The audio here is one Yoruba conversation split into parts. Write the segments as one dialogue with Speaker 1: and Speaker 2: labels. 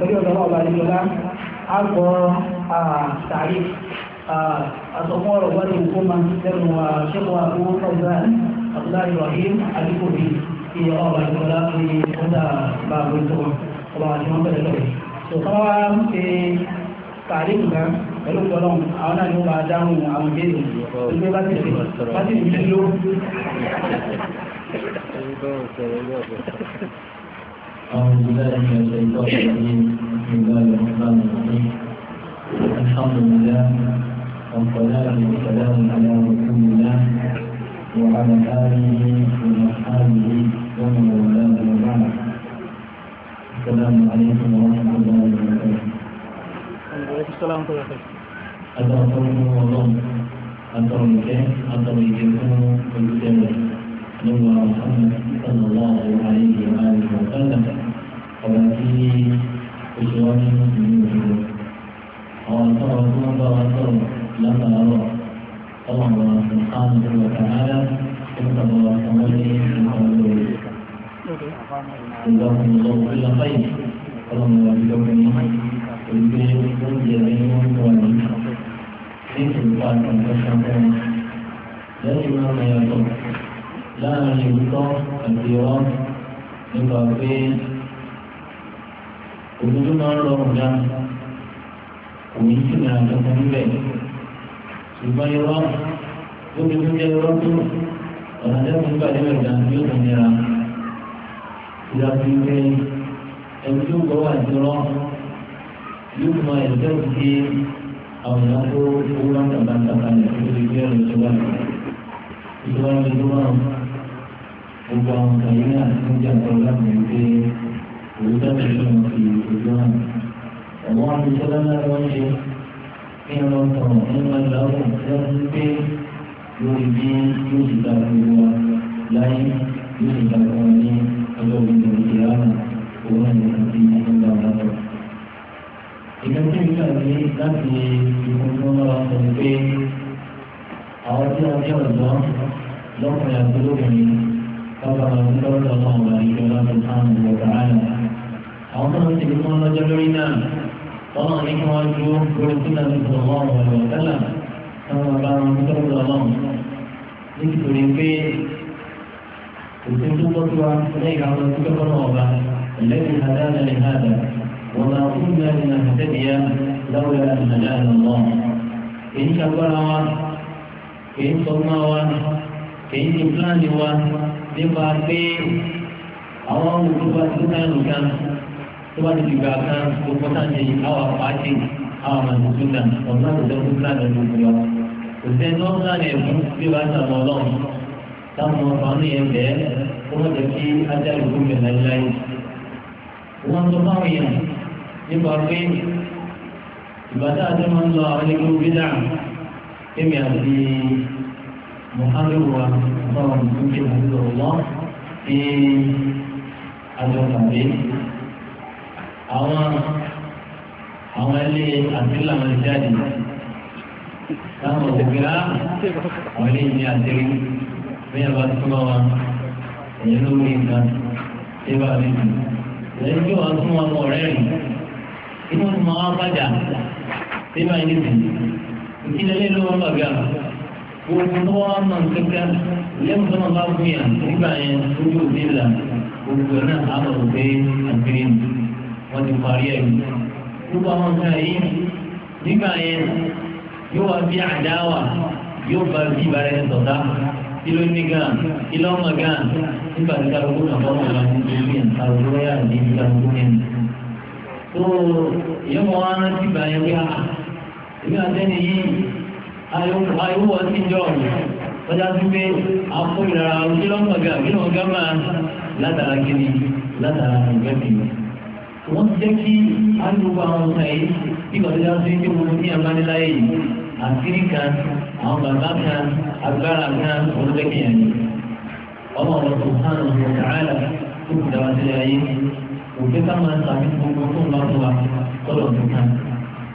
Speaker 1: pẹ̀lú ọ̀dọ̀ ọba àdìyọlá àgbọ̀ sàárì àtọ̀kùn ọ̀rọ̀ wọ́n ti kó máa lẹ́nu ṣẹ́kọ̀ọ́ àbúrò ọ̀gá abdullahi rahim adikobi ti ọba àdìyọlá ti ọjà bá a gbèsò ọba àdìyọlá pẹ̀lú ọ̀rẹ́ tó kọ́ wá ṣe sàárì nǹkan pẹ̀lú ọlọ́run àwọn náà ni ó dáhùn àwọn ìbéèrè ìgbé bá ti rí ló.
Speaker 2: أعوذ بالله من الشيطان الرجيم بسم الله الرحمن الرحيم الحمد لله والصلاة والسلام على رسول الله وعلى آله وأصحابه ومن والاه وبعد السلام عليكم ورحمة الله وبركاته. وعليكم السلام ورحمة الله وبركاته. أتركم الله أتركم أتركم أتركم nínú Muhammad sallallahu alayhi wa alihi wa sallam ọba tí oṣù wa ní mùsùlùmí òṣèlú àwọn sọ̀rọ̀ tí wọ́n bá wa sọ̀rọ̀ látàárọ̀ ọlọ́run wa subhanahu wa ta'ala ó ń sọ̀rọ̀ wa fún wọn ní ìpàdé lórí. ìgbàkùn lọ sí lọ́fàyè ọlọ́run wa bí lọ́kùn ní olùgbé oúnjẹ rẹ̀ ní wọ́n wà ní ní ìtòlùpá àtàkùn lọ́sàn-án lẹ́yìn náà mẹ́yàtọ̀ láàrin ìwúkọ́ àti irọ́ nípa pé òdodo máa ń rọrùn dá òun sì ní àtọkùn níbẹ̀ ṣùgbọ́n irọ́ lóbi tó jẹ́ irọ́ tó ọ̀nà tẹ́kùn nígbà níbẹ̀ dá yóò tó nira ìlà fi pé ẹni tó gbọ́ wà ní irọ́ yóò máa yẹ kí ẹ̀sìn kí àwọn èèyàn kó owó bá ń tàbá ní ìdílé ìgbéyàwó ìjọba ìjọba ìjọba gbogbo àwọn kan yìí náà ń jẹ́ nǹkan láti rí pé òun tẹ́lẹ̀ tó ń fi ojú hàn. ẹ̀wọ́n àti sọ́dá náà wọ́n ṣe kí wọ́n lọ tọ̀ nípa ìdáhùn lẹ́nu pé lórí bí yóò ti ta gbogbo wa láyé yóò ti ta gbogbo wa ní ọjọ́ òbí ìdòwò òun náà ní ìdí ìdílé àwọn ọ̀dọ́. ìgbésẹ̀ ìgbà ní láti ìfowópamọ́ náà sọ pé àwọn tí wọ́n jẹ́ ọ̀dọ́ lọ́kùnrin àti lóbìnrin lọ́kàrà dúpẹ́ lọ́wọ́ ọ̀gá ìjọba subhanahu wa ta'ala. àwọn tó ń tẹ̀lé wọn lọ́jọ́ lórí náà tọ́lá ní kí wọ́n ju lórí sílẹ̀ ní sọ̀rọ̀ ọ̀rọ̀ tẹ́lẹ̀ táwọn bá wọn dúpẹ́ lọ́wọ́ nítorí pé òtún tó tọ́jú wa lẹ́yìn àwọn dúpẹ́ lọ́wọ́ ọ̀gá الذي هدانا لهذا وما كنا لنهتدي لولا ان هدانا الله ان شكر wa kì í sọ fún wa kì í ti pílánì wa nípa pé àwọn olùdókòwò àti nípa ẹnu kan tó bá ti dìgbà kan gbogbo sáńdé àwọn àpáàtì àwọn àmàlùkù náà ọ̀nà àtẹ̀tẹ̀ fún kíláàdì ọdún ìgbìyà òṣèlú ẹni wọn kíláàdì ẹ̀fún bí wàá sàmọ ọlọ́run táwọn ọ̀fàánù yẹn bẹ́ẹ̀ kó wọ́n jẹ́ kí ajá ìlú mẹ́lẹ̀ láyé wọ́n tó báwọn yẹn nípa pé ìbátá àti wọn lọ àwọn ẹgbẹ́ òbí dáa kémi àti محرر وطبعا يمكن حفظه الله في àjọ tàbí àwọn àwọn ilé àtìlá máa jáde táwọn òṣèlérà àwọn ilé ìní àtìrí bẹ́ẹ̀ bá túmọ̀ wọn èyí lórí nǹkan tí bá mi jù lẹ́yìn tí wọ́n tún wọn mọ̀ ọ̀rẹ́ rìn inú tí wọ́n bá jà tí bá yẹn ti kí lélẹ́yìn ló wọ́n bàbá gbogbo tó wá mọ̀ kankan lẹ́nu tó máa bá fún yà nígbà yẹn lójú òde là gbogbo náà á mọ̀ pé àgbèrè wọn ti parí ẹ̀ gbogbo àwọn nǹkan yìí nígbà yẹn yóò wá bí àdáwà yóò bá bí ìbára ẹni sọ̀tá kilo ní gan kilo ọmọ gan nígbà tí kálukú náà bọ́ọ̀mù ọ̀la ní ìlú yẹn kálukú yà ní ìlú kálukú yẹn. tó yẹ́n mọ́ wọn rántí báyẹn wíwá àìwọ́ sí ìjọ ọjà tó pé àpò ìlara ojú lọ́mọ̀gá nínú ọgá máa látara kiri látara ìgbẹ́bí. wọ́n ti jẹ́ kí alùpùpù àwọn ọ̀sán yìí bí kọ̀ọ̀tẹ́jà tó ń gbé wọn ní àbániláyè yìí àkírí kan àwọn bàbá kan agbára kan olùdókèyàn yìí. ọmọ wọn tó hàn án lọ sàrẹ́là tó kù dáwà sílẹ̀ ayé òfé ká máa sàbí gbogbo fún wa fún wa tọ́lọ̀ tó kan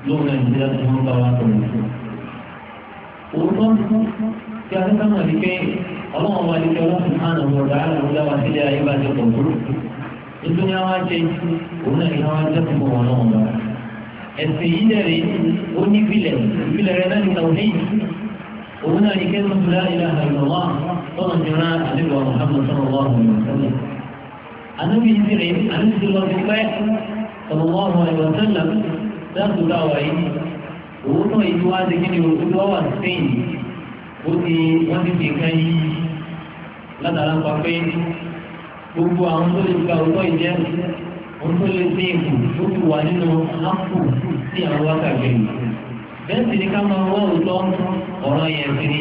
Speaker 2: lóun náà ìdílé àti wọn bá wa tọ̀lọ̀ fún wa òun ló ń kú tí a ní ká mọ̀ ní pé ọlọ́run wa ní pé ọlọ́run máa nà wọ̀ dáa lọ́wọ́ dáwà sílé ayé bá ti pọ̀ dúró nítorí àwọn àjẹ òun náà ní àwọn àjẹ fún wọn náà wọn. ẹ̀sìn yìí dẹ̀ rèé ó ní ìpìlẹ̀ ìpìlẹ̀ rẹ̀ náà ní tàwíì òun náà ní kí dáàbò dáwà yìí òun náà ìlú wa ti kí ni òun tó wà Spain ó ti wọ́n ti fi kan yí látara pa pé gbogbo àwọn tó lè gba òótọ́ ìjẹ́ òun tó lè dín ìkù ó ti wà nínú ápù sí àwọn wákàtí bẹ́ẹ̀ sì ni ká máa wá òótọ́ ọ̀rọ̀ yẹn sí ni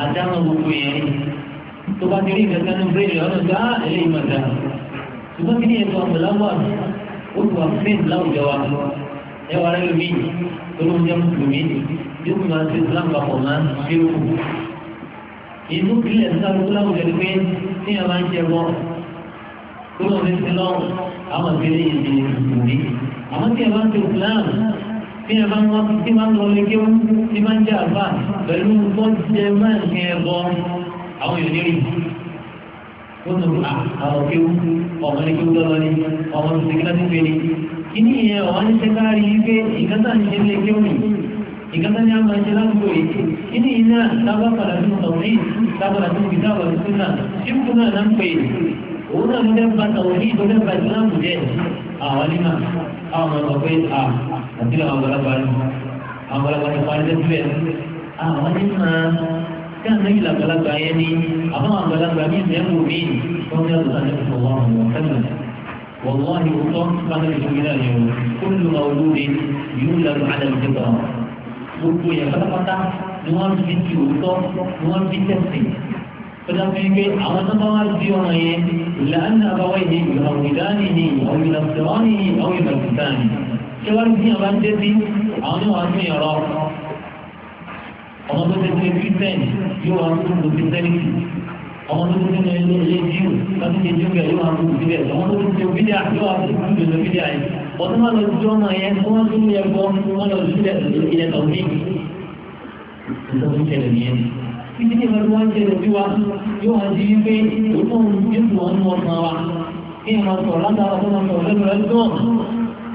Speaker 2: àdáhùn gbogbo yẹn tó bá ti rí ìgbésẹ̀ ní bíréèdì ọ̀nà gbá eléyìí máa dá ṣùgbọ́n kí ni ètò àmọ̀láwà ó ti wà Spain láwùjọ wa ẹwà rẹ lómi yìí tọ́lọ́ jẹ́ mùsùlùmí yóò máa ṣe islam papọ̀ máa ń ṣe kù. inú kílẹ̀ sáré fúláwù lẹ́nu pé tí a máa ń jẹ bọ́ tọ́lọ́ fi ti lọ́wọ́ àwọn ìpínlẹ̀ yìí ti mùsùlùmí. àmọ́ tí a bá ń ṣe islam tí a bá ń wá tí máa ń lọ lé kéwú tí máa ń jẹ àbá pẹ̀lú bọ́jẹ máa ń jẹ bọ́ àwọn èèyàn nírí wọ́n tó àwọn kéwú ọmọ kìíní yẹn ọ̀wá ní ṣe káàrí wípé ìkátà ní ṣe lé kéwì ìkátà ní àmà ṣe lágbó yìí kìíní yìí náà lábá padà sí tọ̀wọ̀rí lábàdà sí ìgbìdá àwọn ìṣú náà ṣíkú náà náà ń pè òun náà ló fẹ́ ba tọ̀wọ̀rí ló fẹ́ ba ìsìlámù jẹ́ àwọn onímọ̀ àwọn ọmọ pé à àti àwọn ọ̀gbọ̀lagbà àwọn ọ̀gbọ̀lagbà ti parí lẹ́sílẹ̀ àwọn onímọ̀ kí àwọn ìlà ọ̀gbọ̀lagbà yẹn ni àbáwọn ọ̀gbọ̀lagbà mí والله الله سبحانه وتعالى كل مولود يولد على الفطرة gbogbo yẹn pátápátá ni wọ́n fi ti òótọ́ ni wọ́n fi tẹ̀sí pátápátá yìí pé àwọn tó bá wá di ọ̀ràn yẹn làánà àbáwá yìí ìrànwìdání ni ìrànwìdání ni ìrànwìdání ṣé wàá fi hàn bá ń tẹ́sí àwọn yóò wá sí ẹ̀rọ ọmọ tó tẹ́sí kristian yóò wá sí gbogbo kristianity àwọn olóko nínú ẹni ilé jíù láti ṣe jíù bẹ́ẹ̀ yóò wá fún ìbílẹ̀ àwọn olóko ti òbí díà yóò wá fún ìbílẹ̀ lóbi díà yìí ọdún máa lọ sí ọmọ yẹn tó wọ́n tún yẹ gbọ́ wọ́n lọ sí ilẹ̀ tọ̀ mí. ìtọ́ tó ṣẹlẹ̀ nìyẹn títí ní ìfẹ́ tó wá ń ṣẹlẹ̀ bí wa yóò wá sí wípé òótọ́ òun jésù wọn mú ọkàn wa kí ẹ máa sọ̀rọ̀ látara tó máa sọ̀rọ̀ lẹ́nu rẹ̀ dùn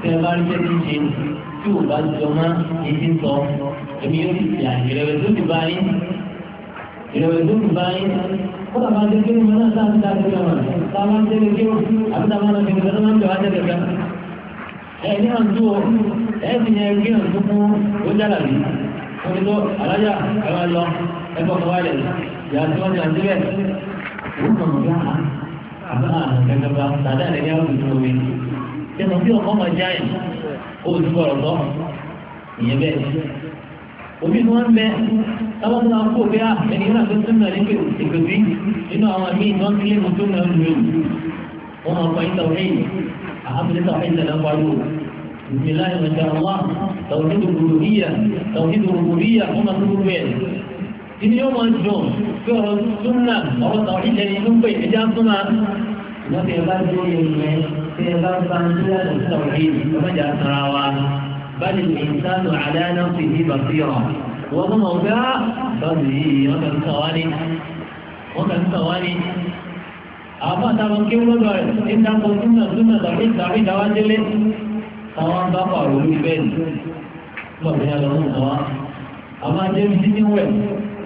Speaker 2: tẹ́ ẹ bá rí tẹ́tí ṣe tí ò bá jọ mọ́ èyí ń sọ èmi yóò ti ṣe àìrẹ̀wẹ̀sì ó ti bá yín
Speaker 1: ìrẹ̀wẹ̀sì ó ti bá
Speaker 2: yín kódà máa jẹ́ kí wọ́n náà sáà ti dáa tẹ́lẹ̀ wọn táwọn ń tẹ́lẹ̀ kí àbí táwọn náà fi nǹkan tó máa ń bẹ̀wá tẹ́lẹ̀ kan ẹ̀ ní hàn tó ẹ̀ sì yẹ kí hàn tó fún ojára bí omi tó alájà ẹ máa lọ ẹ bọ́ kọ́ wáyé yàtí wọ́n ti hàn ìyẹn bẹ́ẹ̀ òbí ni wọ́n bẹ táwọn tó náà kó bí a ẹni náà tó sẹ́mi náà nígbè ìgbèbí nínú àwọn míì wọ́n kílé mu tó náà lù ú wọ́n máa kọ́ yín tàwọn ẹ̀yìn àhábìlẹ̀ tàwọn ẹ̀yìn tàwọn ẹ̀yìn بسم الله ما شاء الله توحيد الربوبية توحيد الربوبية هم الربوبية إن يوم الجمعة في السنة أو التوحيد الذي ينبغي إجابة السنة وفي بعض الأيام في بعض الأيام التوحيد كما جاء سراوان bal al-insanu ala nafsihi basira wọ́n tún mọ̀ pé á báyìí yìí wọ́n kàn ń kàn wá ní wọ́n kàn ń kàn wá ní. àwọn àtàwọn kí wọ́n lọ rẹ̀ ní dáko súnà súnà tàbí tàbí dáwà délé àwọn bá pààrọ̀ orí bẹ́ẹ̀ ni wọ́n fi yàrá wọn kàn wá. àwọn adébí ti ní wẹ̀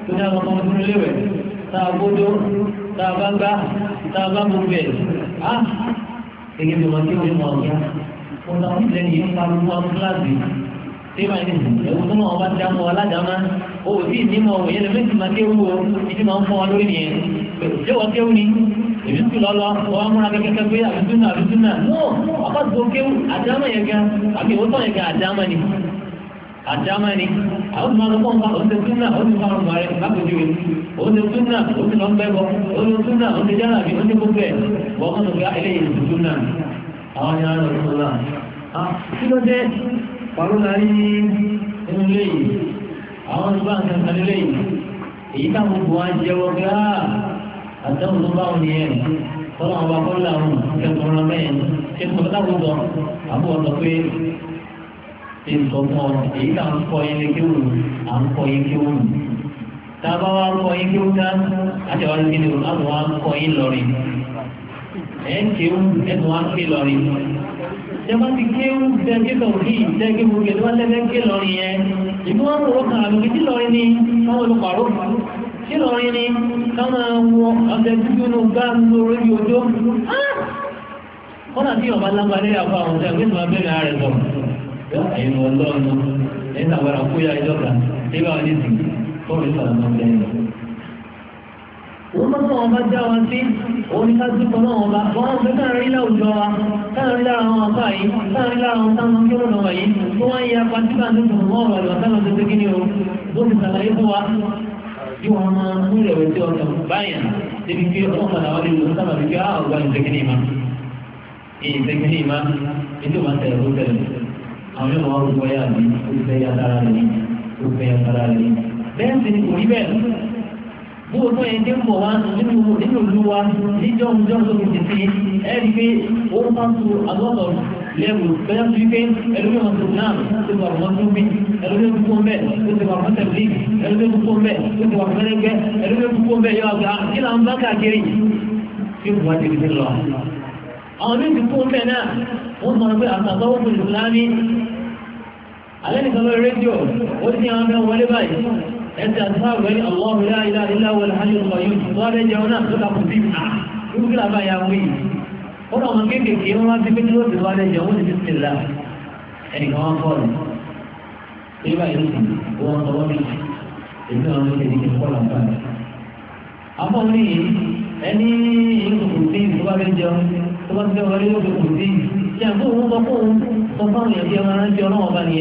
Speaker 2: tó ní àwọn ọmọ ọdún léwẹ̀ tá a gbódó tá a bá gbá tá a bá gbogbo ẹ̀ á èyí ni wọ́n kí wọ́n mọ̀ ọ́ ọ̀nà ìlẹ̀ yìí ń parí wọn kíláàsì tẹ́lá yìí ẹ̀wù tó máa bá dáná aládàáná o ò tí ì ní mọ òun yẹn lẹ́mẹ̀tì máa kéwù o ìdí máa ń fọ́ wọn lórí nìyẹn ṣé wọ́n kéwù ni èmi tún lọ lọ wọ́n á múra kẹ́kẹ́ pé àbísúnà àbísúnà ọkọ̀ tó kéwù àdámà yẹn gan àbí òótọ́ yẹn gan àdámà ni àdámà ni àwọn tó máa lọ fọ́nfà oúnjẹ súnà oúnjẹ fáwọn rẹ lápòjúwe oúnjẹ súnà oúnjẹ lọ́gbẹ́bọ oúnjẹ súnà oúnjẹ jálàbí oúnjẹ gbogbo ẹ̀ wọ́n kọ́ àwọn ni lọ sí ọlá ah, kí ló dé pàrọ̀ láyé nínú ilé yìí àwọn ìgbà nǹkan kan nílé yìí èyí táwọn gbogbo wọn jẹ́wọ́ pé á ah, àtẹ̀wọ̀n tó bá wọn nìyẹn tọ́lá wọn bá kọ́ làwọn kẹ́kọ̀ọ́ lọ mẹ́yìn kẹ́kọ̀ọ́ táwọn sọ àbúrò sọ pé ṣe ń sọ fún ọ èyí tá à ń kọ́ yín lékè wò à ń kọ́ yín lékè wò tá a bá wá kọ́ yín lékè wò dá àti àwọn akéde wò láwọn wá kọ́ yín lọ́rin. ẹ̀ ń kéwú ẹ̀sùn wa ń ké lọ́rin jẹba ti kéwú dẹ́gẹ́ tọ̀kì dẹ́gẹ́ gbogbo ẹ̀dọ́ lẹ́gẹ́ ké lọ́rin yẹn ìlú wọn kò kàn án lókè tí lọ́rin ni ni wọ́n mọ́ wọn bá já wọn sí òun ká sí pọ̀ náà wọn bá wọn fẹ́ káà rí láwùjọ wa káà rí lára wọn àpá yìí káà rí lára wọn táwọn kí wọn lọ́wọ́ yìí tó wọ́n yẹ apá tí bá ń dùn mọ́ ọ̀rọ̀ ìwà táwọn tó tẹ́kí ni o bó ti sàlàyé fún wa bí wọ́n máa ń múlẹ̀ wẹ̀ sí ọ̀sẹ̀ báyà débi pé ọlọ́run padà wá léwu sábà bí pé àwọn ọ̀gá ìtẹ́kí ni ma ìtẹ́kí ni ma ètò máa tẹ̀lé tó tẹ̀lé àwọn yóò máa rúkọ yára mi ó fẹ́ yára rẹ̀ ó fẹ́ yára rẹ̀ bẹ́ẹ̀ ni kò rí bẹ́ẹ̀ bí olú ẹ̀ ní mọ̀ wá nínú nínú ìlú wa ní jọ́hún jọ́hún tó fi tètè ẹ̀ rí pé ó máa ń tu àgọ́tọ̀ lẹ́wù bẹ́ẹ̀ tó yí pé ẹlòmíì wọn tó náà tó wà wọn tó bí ẹlòmíì tó fún bẹ́ẹ̀ tó ti wà wọn tẹ̀lé ẹlòmíì tó fún bẹ́ẹ̀ tó ti wà wọn lẹ́gbẹ́ ẹlòmíì tó fún bẹ́ẹ̀ yọ àgbà ah, kí là ń bá káàkiri tí wọ́n ti fi lọ. àwọn méjì fún bẹ́ẹ̀ náà wọ́n sọ pé àtàkọ́wọ́ pẹ̀lú láàmì alẹ́ nìkan lórí rédíò ó ti ní àwọn mẹ́wọ́n wọlé báyìí ẹ̀sẹ̀ àtúnwáwò ẹni Allahu la ilaha illa huwal hayyul qayyum wọ́n bẹ jẹun náà tó dàpọ̀ sí ìmà irú kí làbá ya wí ó lọ́mọ kéékèèké wọn wá sí pé ló ti wá bẹ jẹun ó ti fi là ẹnì kan wá kọ́ ọ̀rọ̀ nígbà yìí ó wọn tọwọ́ mi èmi náà wọn ti di kọ́ làbá mi. àbọ̀ mi ẹni ìkùkù sí ìtọ́wá bẹ jẹun tó bá ti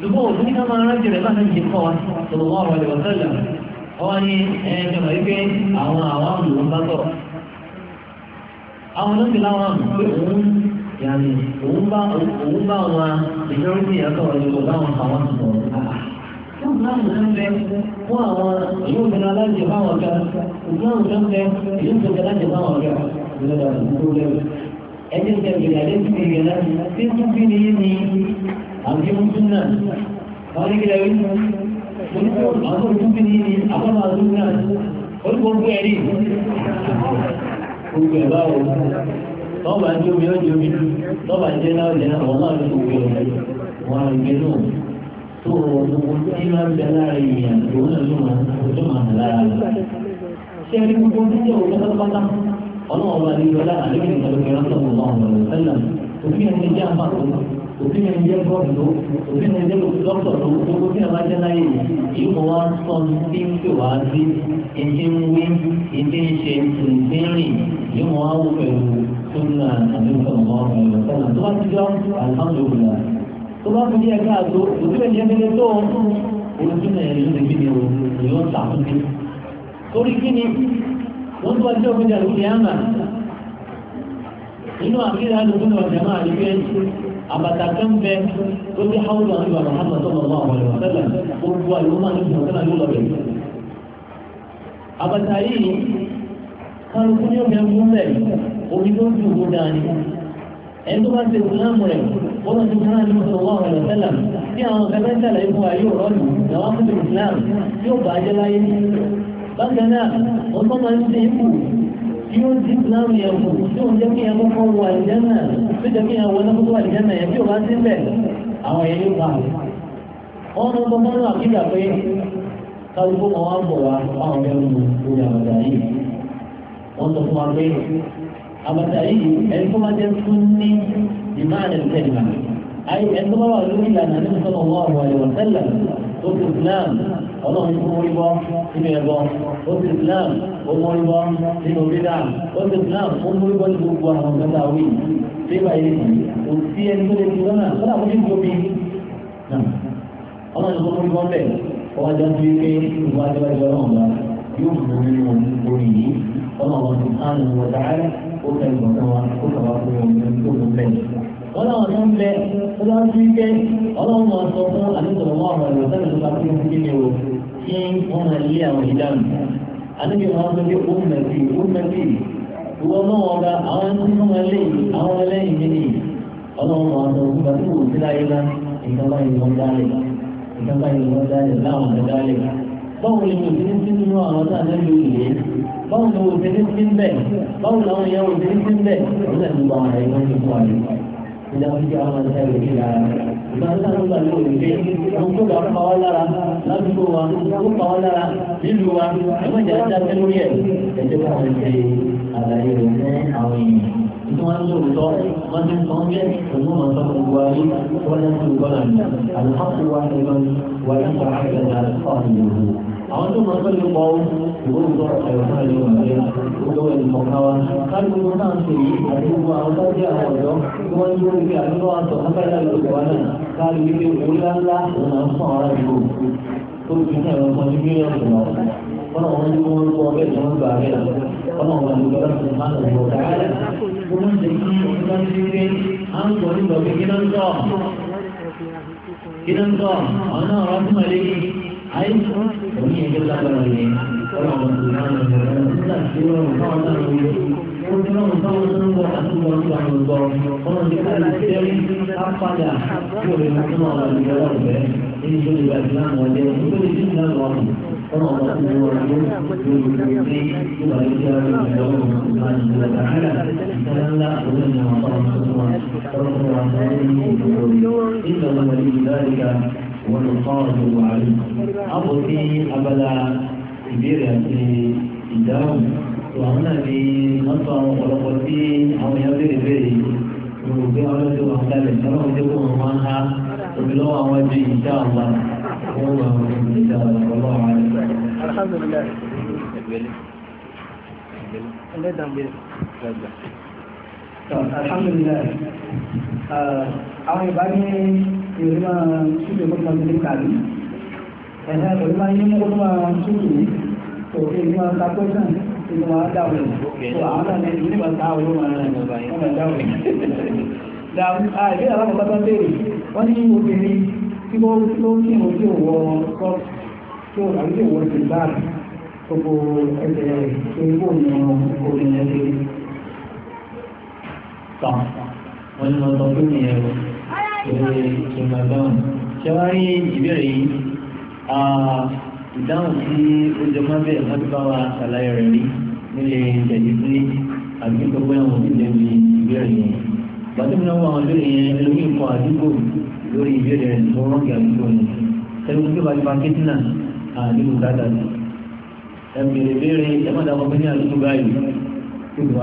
Speaker 2: ṣùgbọ́n òfin náà máa rájì rẹ̀ láti ṣe kọ́ wa sọlọ́wọ́ ìwà sẹ́lẹ̀ wọ́n ní ẹ̀ẹ́dẹ̀ mọ̀ wípé àwọn àwọn àmì wọn bá sọ̀rọ̀ àwọn olóńgbè láwọn àmì pé òun yàrá òun bá òun bá wọn ìjọrìsì yàtọ̀ ìjọba báwọn àwọn sọ̀rọ̀
Speaker 1: láàmù kan bẹ
Speaker 2: àwọn èyí ẹni tẹ ìgbàlẹ́ ti fi rìn láti ṣe ń tún bí ní ní àbí ń tún náà àwọn ìgbàlẹ́ rí onígbò àwọn òtún bí ní ní àbọ̀nà àdúgbò náà olùkọ́ gbé ẹ̀rí gbogbo ẹ̀ báwo tọ́ba jẹ́ omi ọjọ́ omi tọ́ba jẹ́ náà jẹ́ náà wọ́n máa ń tó gbé ọ̀rẹ́ wọn gbé náà tó gbogbo tí máa ń bẹ lára ìyàn tó náà ló máa ń tó máa ń lára rẹ̀ ṣé ẹni gbogbo ń tẹ̀ òun lọ́pàá ọlọ́run bá nílò láàrin ìgbàlódé ọlọ́run ọ̀hún ọ̀sẹ́lẹ̀ òfin ẹni jẹ́ àpapọ̀ òfin ẹni jẹ́ gọ́ọ̀dù òfin ẹni jẹ́ dọ́kítọ̀ tó gbogbo tí a bá jẹ́ láyé ìmọ̀ wa sọ ní pé wà á sí ẹni ń wí ẹni ń ṣe ẹni ń rìn ìmọ̀ wa wò pẹ̀lú tó ń ra àdéhùn ọ̀hún ọ̀sẹ́lẹ̀ tó bá ti jọ alhamdulilah tó bá fi díẹ̀ káàtó òfin ẹni jẹ́ tó ń fún olùdúnà ẹ̀rí wọ́n tó ọjọ́ òun jà lórí àmà inú àkíyà lórí ọjà máa rí pé àbàtà kan bẹ tó ti háwùlù àti bàbá hàmà tó lọ́wọ́ àwọn ọ̀rẹ́ ọ̀sẹ́lẹ̀ gbogbo àyẹ̀wò máa ní ìfọ̀sẹ́lẹ̀ ló lọ bẹ̀rẹ̀. àbàtà yìí kálukú ní ọ̀gá ń gún bẹ́ẹ̀ omi tó ń dùn kó dáa ni ẹni tó bá ti ìsìlámù rẹ̀ ó lọ sí fúnra nínú sọ̀rọ̀ àwọn ọ̀rẹ́ ọ̀sẹ́lẹ̀ tí àwọn ọ̀gá bẹ́ẹ̀ sàlàyé fún wa làwọn fún bákan náà wọ́n tó máa ń ṣe é kù tí ó di islam yẹn kù tí ó jẹ́ kí ẹ kọ́kọ́ wọ àlìjáná tó jẹ́ kí ẹ wọ lọ́kọ́kọ́ àlìjáná yẹn tí ò bá síbẹ̀ O yẹn yóò bá wọn mọ gbọmọ náà kíkà pé kálukú kan wá ń bọ̀ wá fáwọn ọ̀rẹ́ ó ti islam ọlọ́run ní kókó ríbọ́ nínú ẹ̀bọ ó ti islam ó mú ríbọ́ nínú rídà ó ti islam ó mú ríbọ́ ní gbogbo àwọn ọ̀gá wí bébà yìí kò sí ẹni tó lè fi lọ́nà kó ní gbòmí ọlọ́run ní kókó ríbọ́ bẹ́ẹ̀ ọwọ́ ajá tó yẹ pé àjọyọ̀ ọlọ́run lọ yóò fún mi nínú orí yìí ọlọ́run ti hàn wọ̀ dáhẹ́ ó fẹ́ gbọ̀ngàn wọ́n láwọn tó ń bẹ tó bá ń fíkẹ́ ọlọ́run máa sọ fún àdéhùn ọmọ ọ̀rọ̀ ẹ̀rọ sẹ́ni tó bá fi ń fi ní o kí wọ́n máa lé àwọn ìdáhùn àdéhùn máa ń sọ pé ó mẹ̀tì ó mẹ̀tì ìwọ náà wọ́n ga àwọn tí wọ́n máa lé àwọn ẹlẹ́yìn mi nì ọlọ́run máa sọ fún bàtí wò sí láyé lá nǹkan báyìí wọ́n dálẹ̀ nǹkan báyìí láwọn ọ̀dọ́ dálẹ̀ báwo ni mo ti ní sí bẹ́ẹ̀ báwo làwọn ìyá ìjà wọn jẹ́ ọmọ ìjà ìrìn ìlà rẹ̀. ìgbàlódé àwọn ìgbà lóore pé àwọn tó bá pa wá lára ládùúgbò wa tó pa wá lára nílùú wa ẹgbẹ́ ìjà ìjà tẹ́ lórí ẹ̀. ẹjọ́ bá wọn ṣe àlàyé rẹ̀ fún àwọn èèyàn. Ìtú wọn ló ń tọ́, wọ́n ti ń tọ́ jẹ́ òun máa tọ́ gbogbo ayé, wọ́n lẹ́sìn gbọ́dọ̀ ní. Àlùfáà ti wá ẹgbẹ́ wọn, wọ́n lẹ́sìn àgbẹ̀dà ọ̀rìn òru àwọn tó máa tọ́lé pọ̀ ìwọ́nìtọ́ fún àwọn àdúgbò tó fi ní kí wọ́n ń sọ nígbà pé kí náà أي وهي جل جلاله ورحمة الله وبركاته Òṣìṣẹ́ ọ̀sán tó ń bọ̀ àti wọn tó àwọn ọ̀gbọ́n ọmọ ìgbà ìṣẹ́rí apádà tí ó lè mú fún àwọn ìgbà ọ̀fẹ́ nínú ìjọ ìgbà ìgbà àwọn ọ̀dẹ́ tó lè dín ìgbà àwọn ọ̀hún ọmọ ọ̀gá tó wọ́n ló ló ló ní ìgbà ìgbà ìgbà ọ̀hún ìgbà ìgbà àhálà ìtara ńlá òun ni àwọn ọ̀hún tó wọ́n tọ́lọ́kọ̀ wọn ní ìgbà ìgbà wọn ló tán ọdún buhari àbò sí abala ìbéèrè àti ìdáhùn tó àwọn náà ní wọn tó àwọn ọ̀pọ̀lọpọ̀ tí àwọn èèyàn béèrè béèrè olùgbé ọlọ́dún wọn kalẹ̀ ọlọ́run tó kún wọn ha òbí lọ́wọ́ àwọn ju ìjà ọ̀gbà wọn wà wọn ìjà ọ̀gbà wọn. alhamdulilayi
Speaker 1: alhamdulilayi àwọn uh, ìbáraẹni èyí ṣíṣe kó máa kàrí ẹ̀hẹ́ èyí máa yín mú kó máa ṣíṣe yìí tó èyí máa ta pẹ́sàn èyí máa dáwọ̀ tó àwọn náà ní ìlú bá ta olóòwò ara rẹ̀ wọ́n dáwọ̀ ìgbéyàwó àwọn bàbá béèrè wọ́n ní obìnrin tí ó tó ń kírun tí ò wọ sọ tí ò àbí
Speaker 2: ò wọ sí báàgì gbogbo ẹsẹ̀ ìgbó ni ẹ̀ tán wọ́n ní ìwé ìmọ̀ dáhùn ṣé wàá rí ìbéèrè yìí ìdáhùn tí ó jẹ mọ́ bẹ́ẹ̀ wọ́n ti bá wa ṣàlàyé rẹ̀ rí nílé ìjẹ̀dí fúnlé àbí gbogbo àwọn ìdílé mi ìbéèrè yẹn gbàdúrà mi náà wọ àwọn lórí yẹn lórí nǹkan àdúgbò lórí ìbéèrè rẹ̀ tó rọ́ọ̀kì àdúgbò ni ẹni tó bá ti fa kétínà àdúgbò dáadáa ni ẹ bèrè béèrè ẹ ní àdúgbò báyìí tó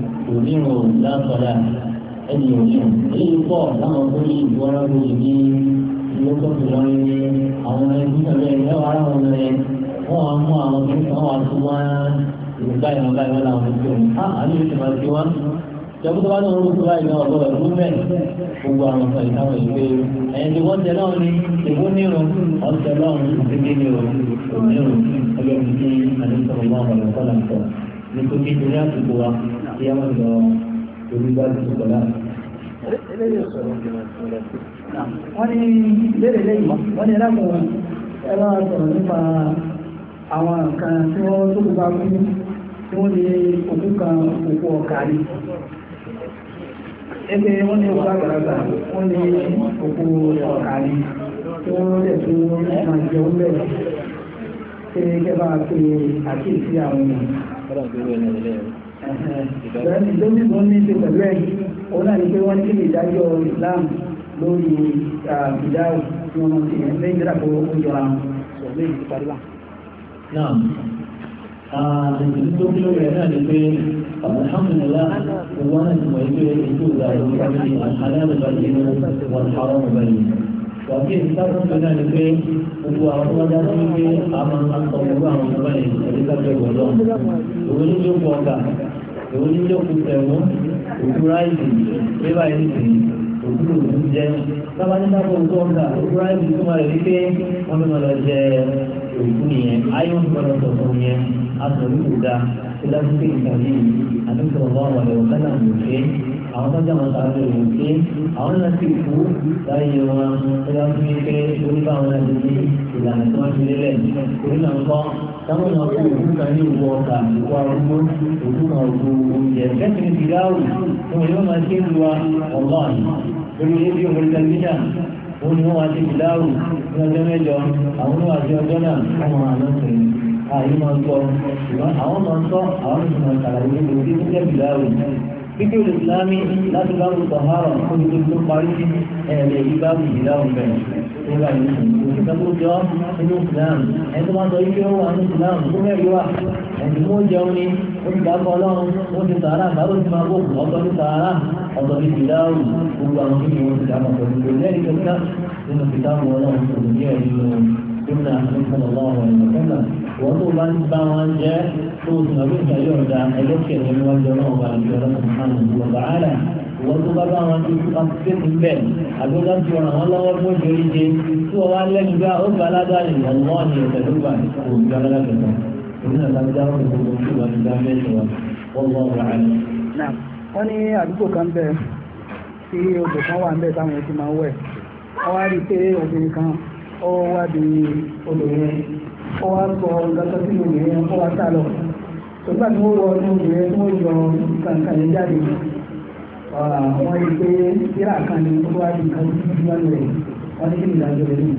Speaker 2: kò nírun lásọdá ẹni ònírun èyí pọ̀ láwọn tó ní ìlú ọ̀rọ̀ lóye ní ìlú tó fi lọ́rí ní àwọn ẹbí pẹ̀lú ẹ̀rọ ara wọn rẹ̀ wọ́n wá mú àwọn tó kàn wá sí wá ìlú báyìí wọn báyìí wọn làwọn ẹbí òní á àní ìlú tìmọ̀ sí wọn. ìjọba tó bá ní orúkọ báyìí náà ọ̀dọ́ ẹ̀rú mẹ́ gbogbo àwọn ọ̀sán ìtàwọn ìgbé ẹ̀yìn tí wọ́n tẹ náà ní ìwọ nírun ọ̀sẹ̀ náà ní ìgbé nírun ònírun ẹgbẹ́ mi ní àdéhùn nítorí nítorí àtúntò wa kí a máa lọ olúgbà àtúntò náà.
Speaker 1: wọ́n ní léèrè lẹ́yìn wọ́n ní ẹlẹ́kùn ẹ bá sọ̀rọ̀ nípa àwọn nǹkan tí wọ́n tó kó bá kú tí wọ́n lè òkú kan òkú ọ̀kà rí. Ebe wọ́n ní òkú àgbàlagbà wọ́n lè òkú ọ̀kà rí tí wọ́n lè tó máa jẹun bẹ́ẹ̀. Ṣé kẹ́ bá pe àkíyèsí àwọn ènìyàn? kọ́lọ̀ tó rú ẹni ilé rẹ̀. lórí tó ní ṣe pẹ̀lú ẹ̀ òun náà ni pé wọ́n kí lè Islam lórí ìdáhù tí wọ́n ti yẹn lẹ́yìn ìdára kó ó jọra wọn. sọ̀rọ̀ èyí ti parí wà. náà àdùnkùn tó kí
Speaker 2: lórí ẹ̀ náà ni pé alhamdulillah gbogbo wọn ti mọ̀ ẹgbẹ́ ètò ìdáhù ní aláàbẹ̀ bàjẹ́ wọn haram bàjẹ́ wàkí ìsáfún tó náà ni pé gbogbo àwọn ọmọdé wọn ti gbé àwọn akọ̀wé àwọn kábẹ́rù ọlọ́run òun ní ló kọ ọgbà òun ní ló kú tẹ̀wọ́ òkú ráìsì bébà yìí sì òkú òkú jẹ sábà ní sábà òkú ọgbà òkú ráìsì tó máa rí pé wọ́n fi máa lọ jẹ òkú nìyẹn ayé wọn fi máa lọ sọ̀tọ̀ nìyẹn aṣọ ní kò dáa tó dájú pé nǹkan yìí àdúgbò ọgbà wà lẹ́wọ̀n kánà kò ṣe àwọn sọ́jà máa ta lórí òkè àwọn náà sì kú láyé wọn tó dájú pé oníbàwọn náà ti ní ìlànà tí wọ́n fi lélẹ̀ onílànà kan táwọn èèyàn fi òkú kan ní ìwọ ọkà ìwọ arúgbó òkú kan òkú oúnjẹ lẹ́sìn ti dáhùn tí wọ́n yóò máa ṣe ń lu wa ọ̀gbọ́n lórí rédíò orí tẹlifíṣàn òun ni wọ́n máa ṣe ìdáhùn ní ọjọ́ mẹ́jọ àwọn oníwà àti ọjọ́ náà wọ́n máa lọ sí àyè máa gbọ́ ṣùgbọ́n àwọn máa ń tọ́ àwọn oṣù máa ṣàlàyé lórí tó jẹ́ ìdáhùn fídíò ìsìlámì láti bá wù sọ̀hárọ̀ fún ibi tó parí ẹ̀ẹ́dẹ̀ ìbáwù ìdáhùn bẹ̀rẹ̀ nígbà yìí ìtọ́kùnjọ́ inú islam ẹni tó máa sọ yìí ó wà ní islam tó mẹ́rin wà ẹ̀sìn mú jẹun ni ó ti dákọ̀ ọlọ́run ó ti sàárà báwo ti máa bòkù ọ̀tọ̀ ní sàárà ọ̀tọ̀ ní fìdáwù gbogbo àwọn tó yẹ wọ́n ti dákọ̀ pẹ̀lú pé lẹ́yìn tó ká nínú fìdáwù ọlọ́run kò ní ẹ̀rí lọ gómìnà àfihàn ọlọ́run ọ̀nà wọ́n tó bá ń bá wọn jẹ́ tó o sì máa gbé ìtàlẹ́ ọ̀dà ẹlẹ́kẹ̀ẹ́ wọ́n tó bá bá wọn tó ká fẹ́ẹ̀mù bẹ́ẹ̀ àbí wọ́n ti ràn wọ́n lọ́wọ́ fún ìdílé jẹ tí wọ́n wá lẹ́nu bá ah, ó gba aládàá ni ọ̀wọ́n ni ẹ̀sẹ̀ ló gbà kó gba aládàá kẹta òun náà láti dá wọn gbogbo tí wọ́n ti dá mẹ́sẹ̀ wọn wọ́n wọ́n rà á ní.
Speaker 1: wọ́n ní àdúgbò kan bẹ̀ tí odò kan wà ńbẹ̀ táwọn èèyàn ti máa ń wẹ̀ wọ́n wá rí i pé obìnrin kan ó wá di olóyún ó wá sọ gàtọ́ sínú obìnrin ó wá sálọ ṣùgbọ́n tí wọ́n wọ inú obìnrin tí wọ́n yọ kàǹkàǹ jáde wọ́n rí i pé síra kan ní tó wá di nǹkan tó ti wá lẹ̀ wọ́n ní kí ni ìdájọ́ rẹ̀ nìyí.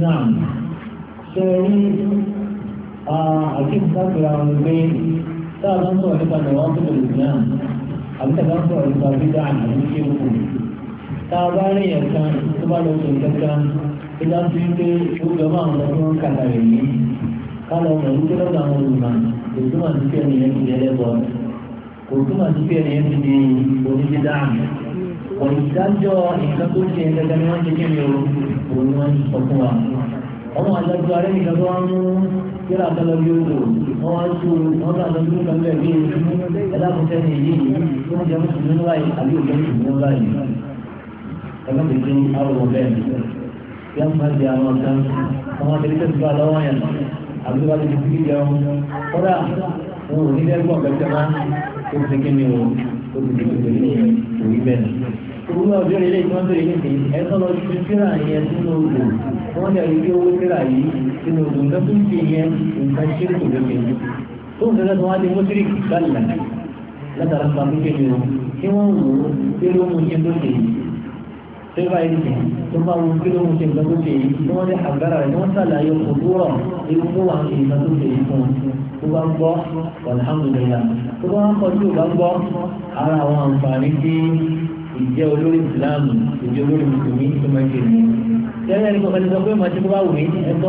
Speaker 1: náà ṣe rí àkíyèsí sáfìrà wọn
Speaker 2: pé tá a bá ń sọ̀rọ̀ nípa ìwọ́n tó lè gbìyàn àbí tá a bá ń sọ̀rọ̀ nípa bídà àti kíkó tá a bá rí yẹn kan tó bá lọ sí kankan tó dá sí pé gbogbo ọmọ àwọn ọmọ wọn kàtà rẹ̀ yìí ká lọ mọ̀ ní kí lọ́dọ̀ kò túmọ̀ sí pé ẹni ẹni ní oníṣẹ́ dáàmú ọ̀dájọ́ nǹkan tó ṣe gẹ́gẹ́ ni wọ́n ṣe kí ni o òun ni wọ́n sọ fún wa ọmọ àjọjọ alẹ́ nìkan tó wọ́n mú kíra àtọ́lọ́ bí ó lò wọ́n wá ju wọ́n tó àtọ́jú nípa bẹ́ẹ̀ bí ẹlẹ́kùnṣẹ́ ni èyí tó ń jẹ́ mùsùlùmí báyìí àbí òjò mùsùlùmí báyìí ẹgbẹ́ mi ti arúgbó bẹ́ẹ̀ ni bí wọ́n máa di àwọn ọ̀gá ọmọ àtẹ̀lẹ́ tẹ̀sí bá lọ́wọ́ yẹn àbí wọ́n ti fi jẹun kódà wọn ò ní lẹ́gbọ̀n bẹ́ẹ̀ ó ti kí ni o ó ti dìbò tó ní òwì bẹ́ẹ̀. Owó ọjọ́ ilé tí wọ́n bèrè ẹ tọ́ lọ ju tíra yẹn sínú odò wọ́n dẹ̀ ibi owó tíra yìí sínú odò nǹkan tó ń fi yẹn nǹkan ṣe kò lókè. Tó ń tẹ́lẹ̀ tó wá dé mọ́tírì kìkà lẹ̀ látara pàmí kí ni o kí wọ́n wò ó dé ló mú kí n lókè yìí tó bá yẹ kí tó bá wo kí ló ń ṣe nǹkan tó ṣe yìí tí wọ́n ní àgbára rẹ̀ wọ́n ṣàlàyé òwúrọ̀ ewu tó wà ní nǹkan tó ṣe yìí fún tó bá gbọ́ alhamdulillah tó bá ń kọ́ tí ò bá gbọ́ ara àwọn àǹfààní tí ìjẹ́ olórí ìsìláàmù ìjẹ́ olórí mùsùlùmí tó máa ń ṣe nìyẹn. tẹ́lẹ̀ ní kọ́kọ́ ti sọ pé màá ti kó bá wù mí ẹ̀kọ́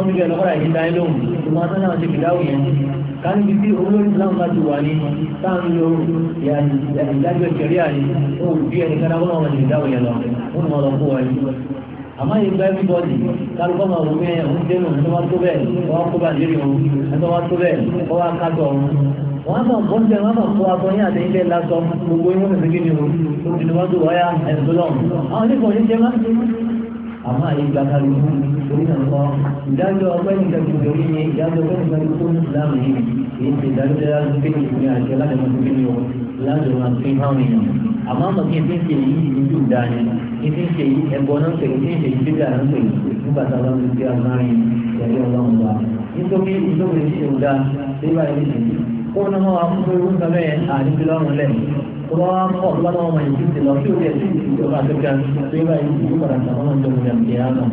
Speaker 2: káníbi tí olórí islam bá ti wà ní sáńlò ìdájọ́ ìṣẹ̀ríà ni ó oh, bí ẹni kára wọn àwọn ènìyàn dáwọ̀ yẹn lọ wọn mọ̀ lọ fún wa yìí. àmọ́ yìí gba ẹbí bọ́ọ̀lì kálukọ́ máa wọ bẹ́ẹ̀ ń dénú ẹni wá tó bẹ́ẹ̀ wọ́n kó bá lérí òun ẹni wá tó bẹ́ẹ̀ wọ́n wá kájọ òun. wọ́n á sàn bọ́ọ̀lì wọn á sàn fún akọ ní àtẹ ilé lásán gbogbo ìwọ̀n ìsìnkí ni o àmọ́ àyè gbàgbà lóko orí náà kọ́ ìdájọ́ ọgbẹ́ni kẹ́kẹ́ ìgbèrè ni ìdájọ́ ọgbẹ́ni kẹ́kẹ́ tó ń láàmú yìí èyí ti ìdájọ́ láti fi ìwé àti aládàmọ́ tó fi ní o láti wọn fi hàn èèyàn àmọ́ àmọ́ kí n ti ń ṣe èyí ìdíjú ìdáni kí n ti ń ṣe èyí ẹ̀bọ náà pè kí n ṣe èyí bíbí àná pè nígbà tá a bá ń fi àmárin ìyàrí ọlọ́run wa nítorí ìdókòwò ìṣèwọ̀dá débà ìdíjú kó náà wà fún owó kan bẹ́ẹ̀ àdébílọ́run lẹ́yìn wọ́n kọ́ lọ́nà ọmọ yìí ti lọ sí orí ẹ̀ sí ìjọba àgbẹ̀kẹ́ àti ìgbà yìí ti padà sàmọ́ ọmọ ìjọba ìjọba ìyáàmà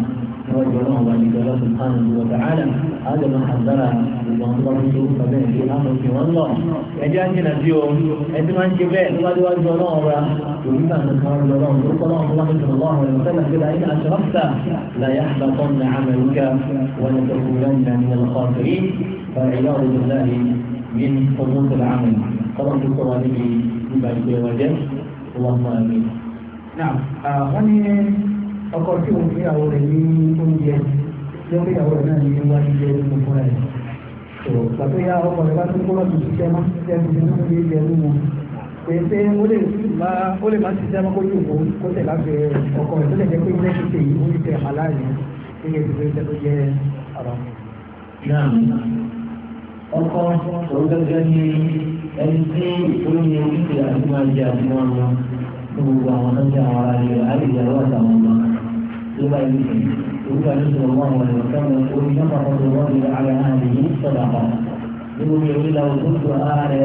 Speaker 2: wọ́n jọ náà wà ní ìjọba sùpánù ìjọba tààlà àjọ náà àgbára ìgbọ̀n tó ń tó bàbá ìdí àmọ́ fi wọ́n lọ. ẹjẹ́ ń jìnà sí o ẹjẹ́ máa ń ṣe bẹ́ẹ̀ níwájúwájú ọlọ́run ra òwúrọ̀ nǹkan ọlọ́run tó kọ́ lọ́run lọ́run tó lọ́run rẹ̀ lọ́sẹ̀ náà gbéra iná àṣọ́fà láyé àbàkọ́ ní àmẹ́ríkà wọn ni tó kúrẹ́ ní àmì ọ̀kọ́ọ̀tì yìí fàáyà ọ̀rọ̀ ìbàjẹ́ wọn jẹ́ wọn máa mi.
Speaker 1: wọ́n ní ọkọ tí òun fi àwọn rẹ̀ ní oúnjẹ tí ó fi àwọn rẹ̀ náà ní wá ní ilé oúnjẹ fúnra rẹ̀. bàbá ya ọkọ rẹ̀ bá tún kó lọ́dún sí jẹ́mọ́ tí a ti fi nínú ilé ìjẹ́ nínú. pèsè ó lè má ó lè má ti jẹ́mọ́ kó yóò kó tẹ̀ láfẹ́ ọkọ rẹ̀ tó lè jẹ́ pé ilé ti yìí ó ti tẹ̀ àlàyé gẹ́gẹ́ bí
Speaker 2: ó ẹni tí oúnjẹ oríṣi àti máa jẹ àti máa mọ gbogbo àwọn tó ń jẹ àwọn ará rẹ àìyàwó àtàwọn ọmọ tó bá yẹ kí orúkọ àti sọ̀rọ̀ wọn àwọn ẹ̀rọ sẹ́wọ̀n orí nọ́mbà kan tó wọ́n lè ara ààrẹ yìí sọ̀rọ̀ àpá nínú mi orí làwọn tó ń tó ààrẹ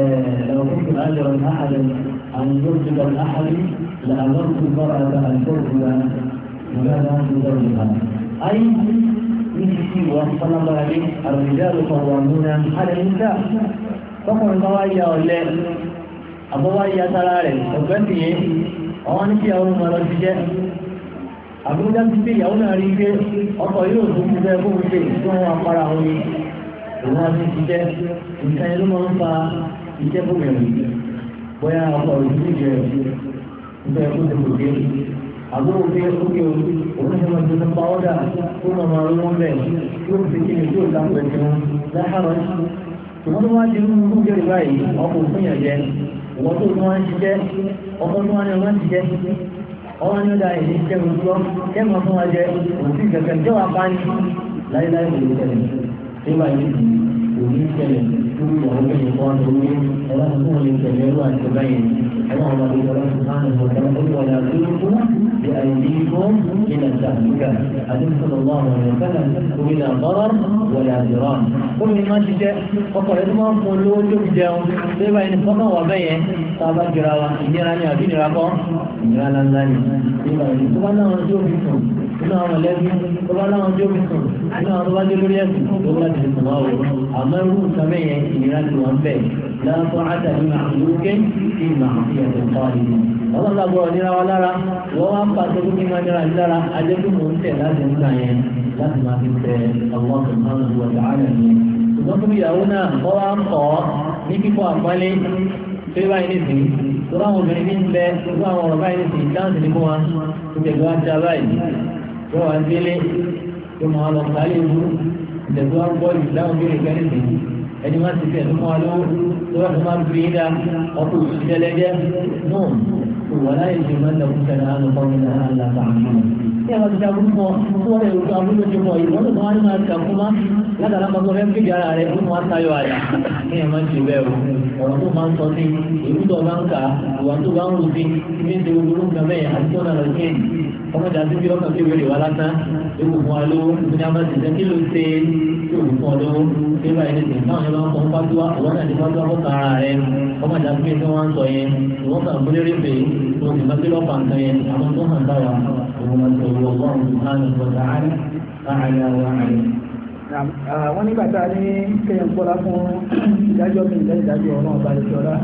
Speaker 2: làwọn tó ń tó ààrẹ àwọn yóò ti lọ ààrẹ làwọn tó ń bọ̀rọ̀ àgbà àgbọ̀gbọ̀gbà nígbà náà ń lọ nípa. ayé ní ti fi wà fọlọ́mọ́ra ní àrùn ìdá tọkùnrin kan wá ya ọ̀lẹ àbọ̀ wá ya sára rẹ ọ̀gbẹ́ nìyẹ àwọn ní kí àwọn ọmọ lọ ti jẹ́ àbúrúdá ti gbé ìyàwó náà rí pé ọkọ yóò tó ti fẹ́ fóun ṣe tí wá para wọn ni òun wá sí ti jẹ́ nǹkan ẹ ló máa ń fa iṣẹ́ fún bóyá ti ti àbúrò pé òun ṣe máa tuntun pa ọ́dà ṣùgbọ́n wá di irú irú bẹ́ẹ̀ báyìí ọkọ̀ òfìyàn jẹ ìwọ́n tó tó wá ń ṣiṣẹ́ ọkọ̀ tó wá ní ọmọ ń ṣiṣẹ́ ọmọ ní ọ̀dà èdè ṣiṣẹ́ òjò kẹ́mọ̀ fún wa jẹ òsì kẹ̀kẹ́ jọ́wọ́ abáyé láyéláyé òjò tẹ̀lé kò ní ṣẹlẹ̀ lórí ìyàwó bẹ́ẹ̀ kọ́ lórí ẹ̀rọ fún òun ìṣẹ̀lẹ̀ ẹ̀rọ àti báyìí ẹ̀rọ àwọn ọmọdé ọ̀rọ̀ sùpánù ọ̀rọ̀ olùwàlà lóko bí àìní kó ilẹ̀ ìṣàkóso àdínkùn ọ̀gbọ́n àwọn ọ̀rọ̀ sẹ́lẹ̀ orí ilẹ̀ ọ̀rọ̀ wọlé àdìrán. ó ní má ṣiṣẹ́ ọkọ̀ rẹ̀ tó máa ń fún olówó tó fi jẹun tó bá ẹni fọ́nà wà bẹ́ẹ̀ tá a bá jọra wa ìnira ni àbí ìnira kọ́ ìnira lánlá ni ìnira ìnira tó bá náà tó fi sùn nínú àwọn ẹlẹ́bí tó bá láwọn jó mi sùn nínú àwọn tó bá jó lórí ẹ̀sìn tó bá ti sùn wá o àmọ́ irú nǹkan mẹ́yẹn ìnira ti wọ́n bẹ̀ láàbọ̀ àtàlù àlùkẹ́ ti mà àti ẹ̀sìn kọ́ àdìgbò wọ́n bá gbọ́ nira wa lára wọ́n wá pàṣẹ kó kí máa nira lára adébùmọ̀ ń tẹ̀ láti ń gbà yẹn láti máa fi tẹ àwọn ọ̀sán àwọn ọ̀sán àlẹ́ yẹn ṣùgbọ́n tó ìyàwó náà wọ́n wá ń kọ́ ní kíkọ́ àpọ́nlé pé tó báwọn obìnrin ní ń bẹ tó báwọn ọ̀rọ̀ báyìí nìsín dáhùn sí ní kó wa ń tẹ̀gbọ́n ajá báyìí yóò wá délé tó máa lọ káyé wú ìdẹ̀tọ́ wa ń bọ́ ìlú láwọn bí nìkan ní tèmi ẹni máa ti tẹ̀ lọ́mọ alówó tó wà tó máa ń fi dá ọkọ̀ òṣìṣẹ́ lẹ́jẹ́ náà wọ́n láyé ìṣèlú ẹ̀ tí a bá ti ṣe aburú mọ tó wọlé ìlú aburú ló ti mọ yìí wọn tó máa ń máa kà fún wa látara máa sọ fẹ́ fi jara rẹ fún wa tayọ àyà ní ẹ̀ máa ń ṣe bẹ́ẹ̀ o ọ̀rọ̀ tó máa ń sọ sí èyí tó máa ń kà ìwà tó bá ń rù sí ní ti olóró nǹkan mẹ́yà àti tó nà lọ sí ẹ̀ ọmọ ìdá sí bí ọkàn tó wẹ̀rẹ̀ wá lásán ewu fún wa lówó ní abá ti sẹ́ kí ló ṣe ewu fún ọ lówó ṣé báyìí ní sèǹtàn yẹn máa ń kọ́ fásiwá ọmọ ورسوله الله سبحانه وتعالى أعلى
Speaker 1: وأعلى wọ́n nígbà tá a ní kéèyàn gbọ́lá fún ìdájọ́ mi ìdájọ́ ìdájọ́ ọ̀nà ọba ìṣọ́lá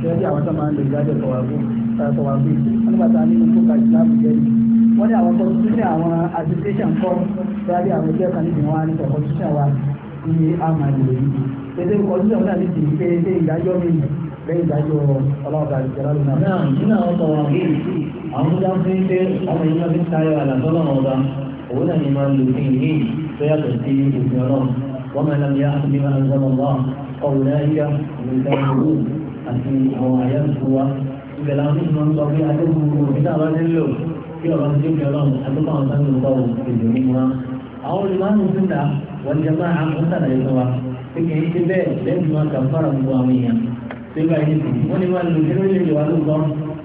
Speaker 1: kẹ́ẹ́dí àwọn tó máa ń lo ìdájọ́ tọ̀wágbó tọ̀wágbó wọ́n nígbà tá a ní kókó ka ìsìlámù jẹ́ yìí wọ́n ní àwọn constitution àwọn association kọ́ kẹ́ẹ́dí àwọn ẹgbẹ́ kan níbi wọn á ní wa ní àmàlẹ́ yìí lẹ́yìn ìdájọ́ ọlọ́ọ̀dà ìjọba lónà. náà nínú àwọn ọkọ̀ wọn kì
Speaker 2: í àwọn ọjà fi ń pé ọmọ yìí máa fi ń tayọ àlàtọ́ náà ọba òun náà ni máa ń lò ní ìní tó yàtọ̀ sí òfin ọlọ́run wọ́n máa lọ́mọ yá àti máa ń gbọ́dọ̀ wá ọ̀rùn náà yíyá òmìnira ìlú àti àwọn àyà ìfowá ibẹ̀ làwọn tó máa ń sọ pé adébúrú nígbà wọn ti ń bọ̀ èdè mímọ́ ń pẹ̀lú ayé mi wọ́n ní wá lu kí ló lè wá ló gbọ́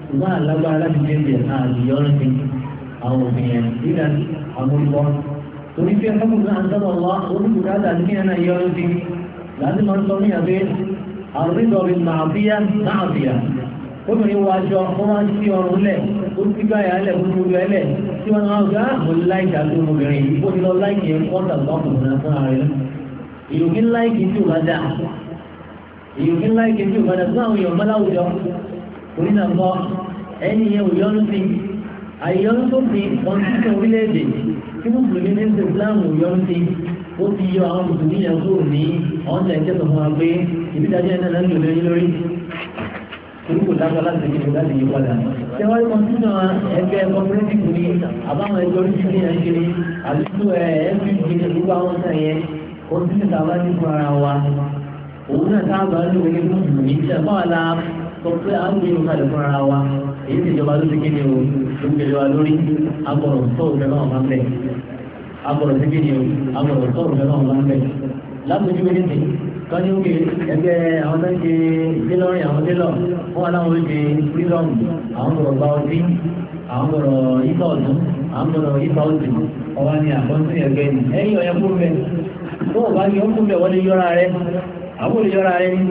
Speaker 2: ṣùgbọ́n àlágbára láti dé ibẹ̀ àlùyọ́ ní àwọn òbí yẹn nígbà àwọn olùkọ́ torí pé ẹ̀fọ́ náà ń sábà wá olùkùrádà ní ẹ̀nà ìyọ́ ní láti máa ń sọ ní àbẹ́ àrídọ̀ rẹ̀ màbíyá màbíyá obìnrin wọ aṣọ wọn máa ń sí ọrùn lẹ̀ ó ti gbá ìyá lẹ̀ fún gbogbo ẹlẹ̀ tí wọn máa gbá ah, mo láìkì àti obìnrin yìí ti lọ láìkì ẹ̀ kọ́ńtà lọ́kùnrin náà fúnra rẹ̀ ìròyìn láìkì tí ò bá dáa èyàn kí ńlá ìkejì ìbàdàn tó àwọn èèyàn mọ́láwùjọ orí náà kọ́ ẹni yẹn òyọ́nú sí àyọ́nú tó fi ọ̀n títí orílẹ̀-èdè tí mùsùlùmí ní ṣe islam òyọ́nú sí ó ti yọ àwọn mùsùlùmí yẹn kúrò ní ọ̀n tẹ̀ ẹ̀jẹ̀ tó fún wa pé ìbídájọ́ yẹn náà ń lò lórí lórí orúkọ dájọ́ láti ṣe láti yí padà. ṣé wọ́n mọ sínú ẹgbẹ́ cooperative ni àbáwọn ẹgbẹ́ oríṣiríṣi yẹn ṣe ni àdúgbò ẹ̀ ẹ́ fi gbé gbogbo àwọn sàn yẹn ó ti ṣe tàbá ní fún ara wa òun náà sábà ń lò ní mùsùlùmí ṣẹ̀fọ́ ọ̀la sọ pé a ń gbìyànjú kalẹ̀ fúnra wa èyí ti jọba ló ti kéde o ló ń gbèlè wa lórí agbọ̀rọ̀ sọ̀rọ̀ fẹ́ náà máa ń bẹ̀ agbọ̀rọ̀ ti kéde o agbọ̀rọ̀ sọ̀rọ̀ fẹ́ náà máa ń bẹ̀ lábùjú mi nìyí kan ní òkè ẹgbẹ́ àwọn tó ń ṣe tẹ́lọ̀rìn àwọn tẹ́lọ̀ fún wa láwọn oúnjẹ freedom àwọn gbọ̀rọ̀ gba ọtí àwọn gbọ̀rọ̀ ibà ọ̀dún àwọn gbọ̀rọ̀ ibà ọ̀dún ọba ni àkọ́ńtì ẹgbẹ́ ni ẹ̀yìn ọ̀yẹ́kùn bẹ̀ tó o bá yọ ọkùn bẹ̀ wọlé yọra rẹ àwọn olùyọra rẹ ni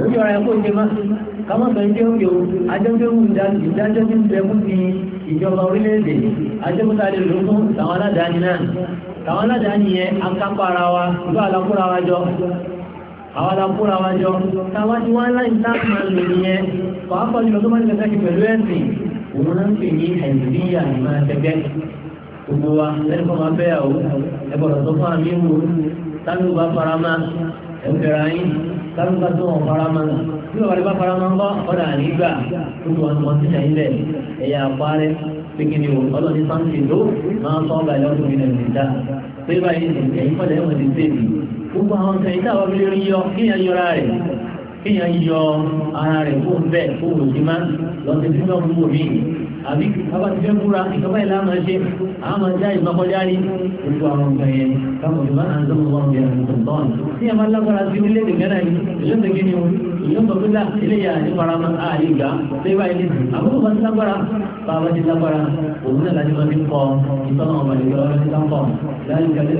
Speaker 2: olùyọra rẹ kò jẹ má kámọ́ bẹ̀rẹ̀ jẹ́ òkè o ajọ́gbẹ́rù ìdájọ́ ti ń bẹ fún ti ìjọba orílẹ̀-èdè ajọ́gbẹ́ta lè lò fún tàwọn aládàáni náà tàwọn aládàáni yẹn akápá ara wa ìlú àlàkúra wa jọ àwọn alákúra wa jọ táwa ti wá láì táàmù àlò nìyẹn pàápàá jùlọ tó bá ti lẹ́sẹ̀ pẹ̀lú ẹ̀sìn òun náà ń pè ní àìsíríyà ìmọ̀ ẹ̀tẹ̀gẹ́ gbogbo wa lẹ́nu kọ́ máa bẹ́ẹ̀ o ẹ̀bọ̀rọ̀ tó fún àmì ìwò tábìlì bá fara máa ẹ̀mẹ̀rẹ̀ ayé kálukà tó wọn farama nà bí wọn kàlẹ́ bá farama ńkọ́ ọ̀dà ànígbà gbogbo wọn wọn ti sẹ́yìn bẹ́ẹ̀ ẹ̀yà àpárẹ́ pékinni o ọlọ́ni sáńtì ló máa sọ ọ́gà ìyàwó mi nàìjíríà dá pé báyìí ẹ̀yìn kọ́lẹ̀ ẹ̀wọ̀n ti sèbi gbogbo àwọn nǹkan yìí táwọn abúlé rí yọ kéèyàn yọra rẹ̀ kéèyàn yọ ara rẹ̀ fóun bẹ́ẹ̀ fóun òsì àbí bàbá ti fẹ́ múra ìjọba ìlà máa ṣe àwọn máa já ìgbàkọjá rí gbogbo àwọn nǹkan yẹn káwọn ìjọba náà ń sọ wọn bí ẹni tó tọ́ ní ẹ̀ máa lágbára sí orílẹ̀-èdè mẹ́ta yìí ìjọba kí ni o ìjọba tó dà eléyà ní farama ààyè gbà bẹ́ẹ̀ báyìí ní àbúrò bá ti lágbára bàbá ti lágbára òun náà láti máa fi kọ ìtọ́nà ọmọ ìjọba ti ká kọ láti kàlẹ́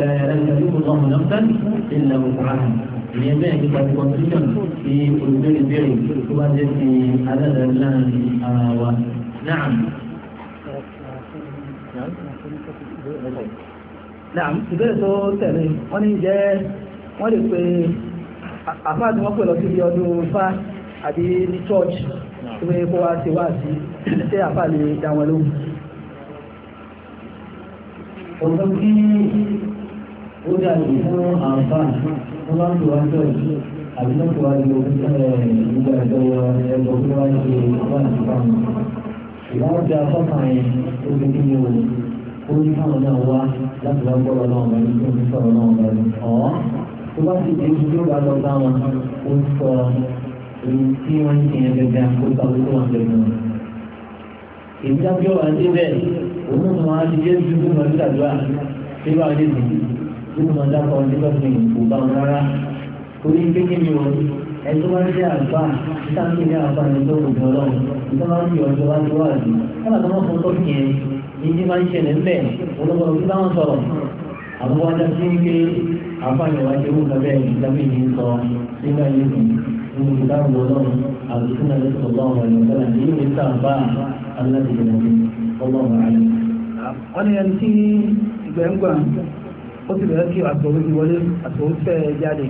Speaker 2: ìyẹn bẹ́ẹ̀ nípa ti constitution ti olùbẹ̀rẹ̀ bẹ̀rẹ̀ tó bá jẹ́ ti adájọ́ láàrin ara wa. نعم
Speaker 1: نعم ìbéèrè tó tẹ̀lé wọ́n ní jẹ́ wọ́n lè pe àfáà tí wọ́n pè lọ síbi ọdún fa àbí ní church tó fẹ́ kó wá ṣe wá sí ṣé àfáà lè dá wọn lóhùn.
Speaker 2: ọ̀sán kí ó dà ní fún àǹfààní wọ́n máa ń lo aṣọ ìṣe àbí lọ́pọ̀ àjọ ìgbà ẹ̀jọ̀ ẹ̀jọ̀ tó wá ṣe wá sí báwọn wọ́n dá sọ́kàn yẹn ó fi kí ni o ó ní káwọn náà wá láti lọ gbọ́dọ̀ náà wọ́n ní kí wọ́n sọ̀rọ̀ náà wọ́n ní ọ̀ tó bá ti dé ibi tó bá lọ bá wọn ó sọ èyí tí wọ́n ń tiẹ̀ gẹ́gẹ́ kó ká ó tó wọn lẹ́nu. èyí tá bí ọ̀rọ̀ ẹni bẹ́ẹ̀ òun tó máa ti dé ibi tó máa ti tí bá wọn lè dì tó máa dákọ̀ ọdún tó fi kò bá wọn rárá torí pé kí ni o tó bá ń jẹ́ àgbà títà kí ni àgbà ni tó kò ìtọ́ máa ń yọ ọjọ́ wájú wájú kọ́nà tó wọ́n fún tó fi yẹn ìdí máa ń ṣẹlẹ̀ ńbẹ̀ olóbọ̀rọ̀ tí báwọn sọ̀rọ̀ àwọn wájú sí ń gbé àfáàyàn wájú owó kan bẹ́ẹ̀ ìjọba ìdí ń sọ nígbà yìí nínú ìdáhùn ọlọ́run àbùkù náà lọ́sọ̀ ọlọ́run ọ̀rẹ́ ọ̀sẹ̀lá ní ìwé sàǹbà aládìgbò
Speaker 1: ọlọ́run àlẹ́. wọ́n ní ẹni tí ìgbẹ́ ń gbà ó ti bẹ̀rẹ̀ kí àtòwé ti wọlé àtòwé fẹ́ jáde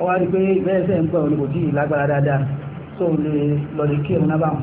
Speaker 1: ó wá rí i pé ìgbẹ́ ẹ̀sẹ̀ ń gbà òní kò tí ì lágbára dáadáa tó lè lọ lè kí ẹ̀rù náà báwọn.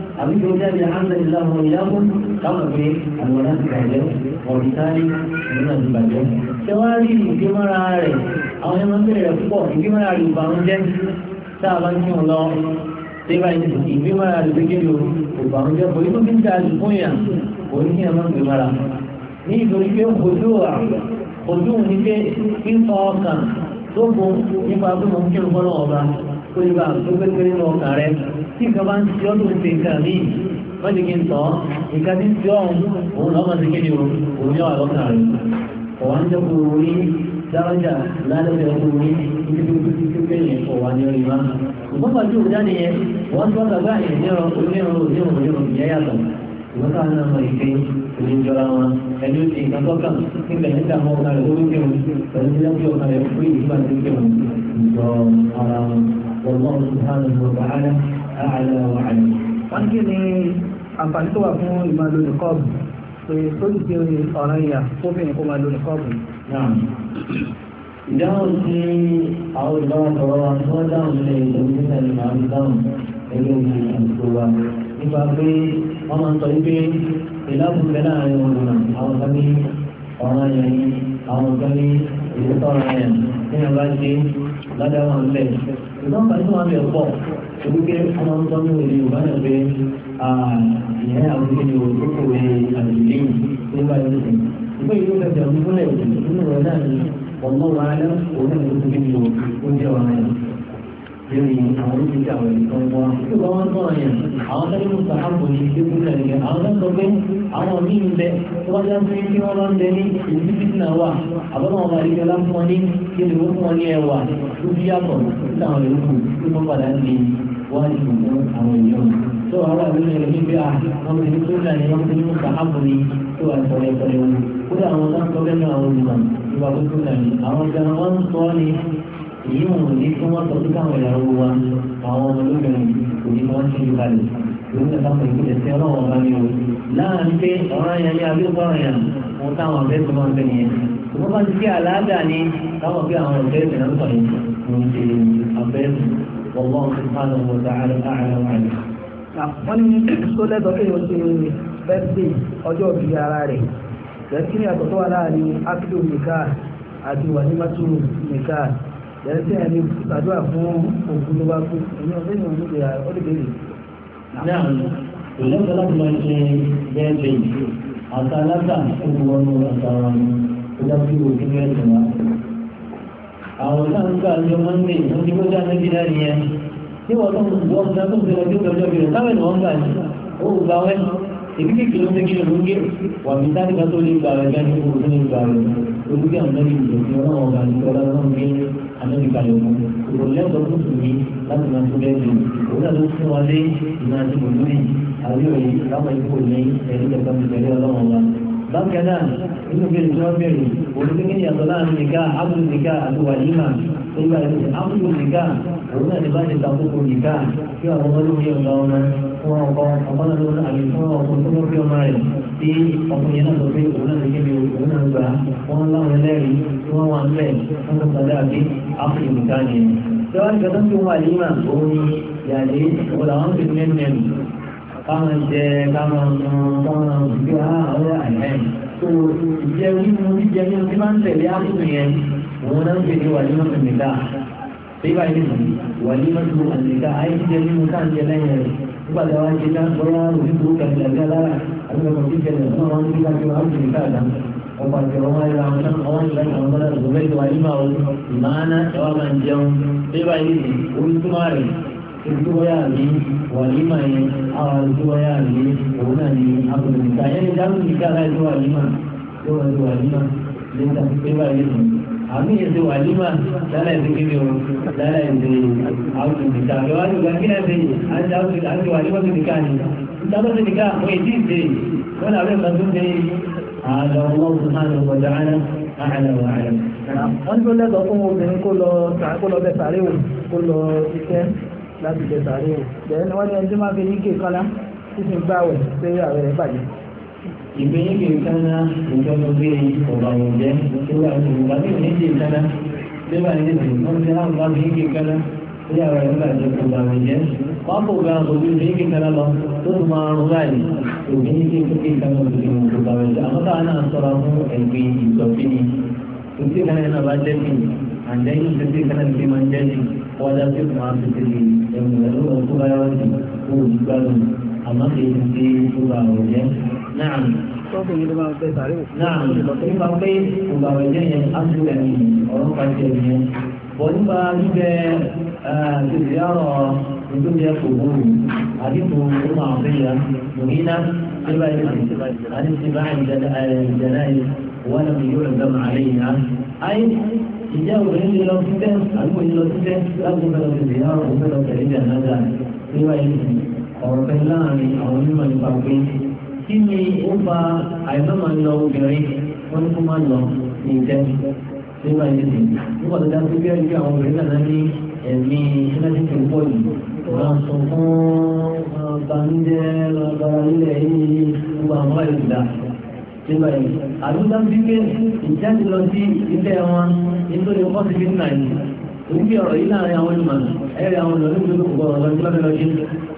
Speaker 2: àbí tó jẹ́ bí hàn lẹ́yìn láwọn ìyáwó káwọn pé àwọn láti bàjẹ́ ọ̀dìtálì ìlú náà ti bàjẹ́. ṣé wàá rí ìgbémọ́ra rẹ̀ àwọn ẹni máa ń bèrè rẹ̀ púpọ̀ ìgbémọ́ra rẹ̀ ò bá ń jẹ́ tá a bá ń kírun lọ ṣé báyìí ìgbémọ́ra rẹ̀ tó kéde ò bá ń jẹ́ bó inú bí ń ta àdúgbò yàn òun kí ẹ má gbémọ́ra. ní ìtorí pé ojú wa ojú ni pé fífọ ọkàn tó gun nípa pé mo ń kírun fọ́nà ọba kó ibà tó pé pé nínú ọkàn rẹ̀ tí nǹkan bá ń ṣe ọ́ lóun ṣe nǹkan mí wọ́n ti kí n tọ́ nǹkan tí ń ṣe ọ̀hún òun lọ́mọ ti kí ni o òun yóò wà lọ́kàn rẹ̀ ọ̀wá ń jẹ́ kó o rí dárọ́jà lálẹ́ kó o rí ibi tó ti tó kéèyàn ọ̀wá ní orí má. ìgbọ́n pàdé òun jáde yẹn wọ́n ti wọ́n gbàgbá yẹn ní ọ̀rọ̀ onírun onírun onírun ìyá yàtọ̀ ìwọ́n ká ní ọmọ ìgbé òní jọra wọn ẹni ó ti nǹkan tọ́kàn níbẹ̀ níta mọ́ ọ̀gá rẹ̀ lórí kéwọn pẹ̀lú tí lẹ́kí ọ̀gá rẹ̀ fún ìdíbà
Speaker 1: tó kéwọn ìjọ ara wọn. والله سبحانه وتعالى àlẹ́ ọ̀rọ̀ àlẹ́. wọ́n kí ni àǹfààní tó wà fún ìmọ̀ lónìí kọ́ọ̀bù pé tó ti di ọ̀rọ̀ ìyà fóbìnrin kó máa lónìí kọ́ọ̀bù. ìdáhùn sí
Speaker 2: àwọn ìbáraẹ̀sọ̀rọ̀ wa tí wọ́n dáhùn sí ìdòwú sẹ́ni máa ń dáhùn ẹgbẹ́ òkè àdúgbò wa nípa pé wọ́n máa ń sọ wípé ìlàbùfẹ́ láàrin ọ̀rọ̀ àwọn ọ̀gá ní ọ̀rọ̀ èyí tọ́ra yẹn ní ọba ṣe ládàá ń bẹ̀. ìgbọ́n kan tó wà bẹ̀ pọ̀ ewúké ọmọ ń tọ́jú òní yorùbá náà pé ìyẹn àwọn ìdílé òkú rẹ̀ àdìlẹ́ yìí nígbà yóò dé. ìgbẹ́ yìí ló fẹ́ bẹ̀rù fúnlẹ̀ nínú rẹ̀ náà ni ọ̀nà wàhálà òun náà ló ti gbé lórí àwọn oríṣiríṣi àwọn ìtọ́ wọn tí wọ́n wọ́n tọ́ yẹn àwọn tẹ́lẹ̀ ń sọ àpò ní ìdíkù kẹ̀kẹ́ àwọn tó sọ pé àwọn míì ń bẹ tó wọ́n já sí kí wọ́n lọ ń bẹ ní ìlú fitna wà àbọ̀mọ̀ ọmọ àdìgbẹ́ lá fún wọn ní kí lè fún wọn ní ẹwà tó fi yàtọ̀ sí àwọn ìlú tí wọ́n padà ń di wọ́n ti fún àwọn èèyàn tó àwọn àgbẹ̀lẹ̀ rẹ̀ níbi à wọ́n ti ní kúrúdà ni wọ́n ti ní mùsà àpò ní tó wà sọ̀rọ̀ ẹ̀kọ́ ni wọn kúrò àwọn tó ń sọ bẹ́ẹ̀ náà àwọn olùmọ̀ ìwà tó kúrúdà ni àwọn ìjọba wọn ń sọ ni èyí wọn ò ní kí wọ́n sọ fún káwọn ìyàwó wa àwọn ọmọ lóbìnrin kò ní wọ́n ṣe ìbàlẹ̀ lórí àtàkùn ìpínlẹ̀ tí ọlọ́wọ́ bá ní o láàrin pé ọ̀rọ̀ yẹn ní abẹ́òkú ọ̀rọ̀ yẹn wọn táwọn ọ̀fẹ́ tó máa ń bẹ nìyẹn ìwọ́n bá ti fi àlàáda ní káwọn bí àwọn ọ̀fẹ́ ìpínlẹ̀ ń sọ yẹn ló ń ṣe abẹ́ ọgbọ́n tó bá lọ wọ dáhàrẹ́ àárẹ̀ wáyé.
Speaker 1: wọ́n ní tó lẹ́tọ̀ọ́ pé o ṣe bẹ́ẹ̀dẹ̀ ọjọ́ ìbí ara rẹ̀ lẹ́kìnrin àtọ̀tọ̀ wà láàrin ákílò nìkan àti wànímátù nìkan yẹn tí a lè gbàdúrà fún òkú ló bá kú ẹni ọdún yìí wọn ló ó lè bèrè.
Speaker 2: náà òun tó láti máa ṣe bẹ́ẹ̀ bẹ́ẹ̀ àti alága òkú wọnú àtàwọn ọmọ tó dá sí òkú ní ẹ̀sìn wa. àwọn náà ń gbà lọ mọ́ndé wọn ti kọjá tí wọ́n tó ń gbọ́ ọ́n tó ń gbọ́ ọjọ́ bẹ̀rẹ̀ táwọn ènìyàn gbà ní òun gbà èmi kéèké ló ń gbé kíló ló ń gé wà mí sáré ká tó lè gba rẹ gẹ́gẹ́ tó lè gba rẹ olùgbé ànábì ìdòtí ọlọ́run ọba àti ọlá náà gbé ànábì kalẹ̀ mọ́ kò lẹ́tọ̀ọ́ tó sùn mí láti máa tó bẹ́ẹ̀ lò òun náà ló fún wa lé ìmọ̀ àti mòlúrì àríwẹ̀ láwọn ikú ní ẹ̀rí kẹta mi pẹ̀lú ọlọ́run ọba. bákan náà inú bí ìjọ bẹ̀rẹ̀ olùgbé kí yàtọ̀ láàrin nìka ábùdù nìka àti wàlímà nígbà yìí ábùdù nìka òun náà ní bá ti ta kókó nìka kí àwọn ọmọ lórí ọ̀gá ọmọ fún ọkọ ọ̀pọ̀lọpọ̀ lọ́dún àbí fún ọkọ tó ló fi ọmọ rẹ̀ tí ọkùnrin yẹn náà tó fi òun náà lè kébi òun náà gbà wọ́n láwọn ẹlẹ́rìí tí wọ́n wà ńlẹ̀ wọ́n tó padà bí áfíríkì nìkan yẹn. lọ́wọ́ ìgbà tó ń fi wà yíma òun ni yàrá òun làwọn fi ní ẹnu káwọn jẹ káwọn káwọn gbé àwọn àìmẹ́ tó ìjẹ mímu jíjẹ mímu tí máa ń tẹ̀lé áfíríkì yẹn òun náà ń fi nígbà tí wọ́n ṣe ná bóyá òfin tó kàdé àgbà lára àbí ọmọ tí kẹlẹ̀ fún àwọn tí káàkiri wọn kiri káàdá ọkọ̀ àti ọmọ ẹ̀rọ àwọn náà wọ́n ti láti àwọn ọmọdé ọ̀gbọ́n mẹ́tò wà nígbà wo ìmáàná ẹ̀wà máa ń jẹun bébà yìí orí tó máa rẹ̀ ìdúwọ́yà mi wà nígbà yẹn àwọn ìdúwọ́yà mi òun náà ni àbùdó nìkan yẹn ní dáhùn nìkan láì tó wà nígbà tó wà nígbà lẹ́yìn àmì yẹn ti wà nímà lálẹ́ ìdí kí ni o lálẹ́ ìdí àwùjọ nìka lọ́wọ́ àti ìgbà kílẹ̀ ti àti àwùjọ àti wà nímà ti nìka ni ìtàkùn ti nìka wọ́n èdè ìdè wọ́n làwọn ẹ̀ka tó dé àlọ́ wọn fún àlọ́ ọ̀dà àná àlọ́ àlọ́.
Speaker 1: wọ́n tó lẹ́tọ̀ fún obìnrin kó lọ kó lọ bẹ sàárè wò kó lọ iṣẹ́ láti bẹ sàárè wò bẹ́ẹ̀ ni wọ́n ní ẹni máa fi ní kéèkọ́lá ìgbéyìí kaná
Speaker 2: nǹkan tó gbé ọ̀gá òjẹ́ nígbà tó gbà mí ní ìdí kaná nígbà ní ìdí wọ́n ti hàn bá mi ìdí kaná ní àwọn ìgbà tó gbà mí jẹ́ wọ́n kò gba òbí mi ìdí kaná lọ tó tún máa rún báyìí òbí ní ìdí tó gbé kaná òbí mi tó gbà mí jẹ́ àwọn táwọn náà sọ̀rọ̀ fún ẹ̀gbin ìgbọ̀fínì òbí kaná yẹn náà bá jẹ́ bí àǹdẹ́yìn ìdí kaná ti máa jẹ́ bí wọ́dà tó máa fi tẹ̀lé ẹ̀mú ẹ̀rọ ọ̀tún báyọ̀ ọ̀tún kó o gbádùn àmọ́ kì í ti tó bá òjẹ́ náà.
Speaker 1: tọ́kùn yìí ló máa fẹ́ sàárè
Speaker 2: òkú. náà nípa pé ògbàwẹ̀ jẹ́ yẹn áṣùlẹ̀ ní ọ̀rọ̀ pàṣẹ yẹn. bọ̀ nípa bíbẹ ṣèṣìyàrọ̀ ìdókè kòkó àdínkù tó máa fẹ́ yà mùhínà síbáyìí àti síbáyìí jẹ̀dáyìí wọn lè yóò dàm àlẹ́yìn ayé ìjà obìnrin lè lọ sí bẹ́ẹ̀ àbí òye lọ sí bẹ́ẹ̀ láti fẹ́ lọ sí ìyá ọ̀rọ̀ fẹ́ lọ tẹ̀lé ìjà ọ̀rọ̀ fẹ́ láàrin àwọn onímọ̀ nípa pé kí ni ó fa àìsàn máa ń lọ obìnrin wọ́n ní kó máa lọ ní ìjẹ́ nígbà yìí sí nígbà tó dáa sí bí ẹni bí àwọn obìnrin náà ní ẹ̀mí ẹlẹ́sìn tó pọ̀ yìí wọ́n sọ fún ọ̀bánjẹ́ ọba ilẹ̀ yìí gbogbo àwọn ọ̀rẹ́ ìgbà nígbà yìí àdúgbò sí pé ìjáde lọ sí ilé wọn nítorí ọkọ̀ sí fi ń nà yìí òun bí ọ̀rọ̀ yìí láàrin àwọn olùmọ̀ ẹ̀rẹ̀ àwọn olùmọ̀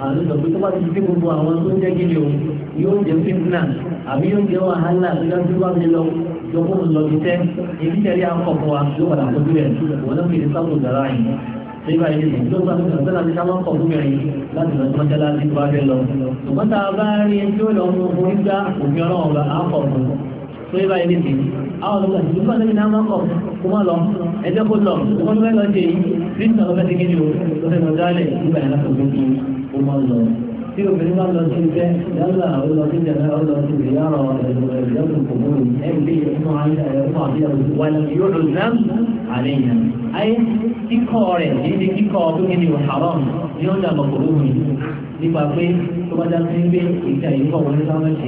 Speaker 2: àwọn ìsọ pé tó bá ti dé gbogbo àwọn tó ń jẹ́ kí ni o yóò jẹ́ fitna àbí yóò jẹ́ wàhálà tó dá sí wàhálà lọ yọkùn lọ sí tẹ́ èyí tẹ̀lé akọ̀ fún wa yóò padà fojú rẹ̀ wọn náà fèrè sábò gbàrà yìí nígbà yìí ni ló bá tó sọ́nà níta máa ń kọ̀ fún mi rìn láti lọ sí mọ́ṣáláṣí tó bá fẹ́ lọ. ṣùgbọ́n tá a bá rí ẹni tó lọ fún un nígbà òfin ọlọ́run ọba á kọ̀ fún un tó yẹ báyìí nìyí. àwọn ọ̀dọ́ àti ìdúgbò àti ìdá máa ń kọ̀ kó má lọ ẹjẹ́ kó lọ kó má lọ jẹ yìí bí ìtàn ọ̀fẹ́ ti kéde o lọ́sẹ̀ lọ́dálẹ̀ nígbà yẹn láti ó máa ń lọ tí obìnrin bá lọ sí iṣẹ́ yálà ó lọ sí ìjàmbá ó lọ sí ìyára ìyàwó kòkòrò ẹgbẹ́ inú àyíká ẹ̀rọ fún àbíyá wà ní yóò lò náà àlẹ́yìn ayé kíkọ́ rẹ̀ níbi kíkọ́ ọdún ní haram ni ó dàgbà kòrò mi nípa pé tó bá dáa sí pé ìjà yìí kọ̀ wọlé sáwọn ṣe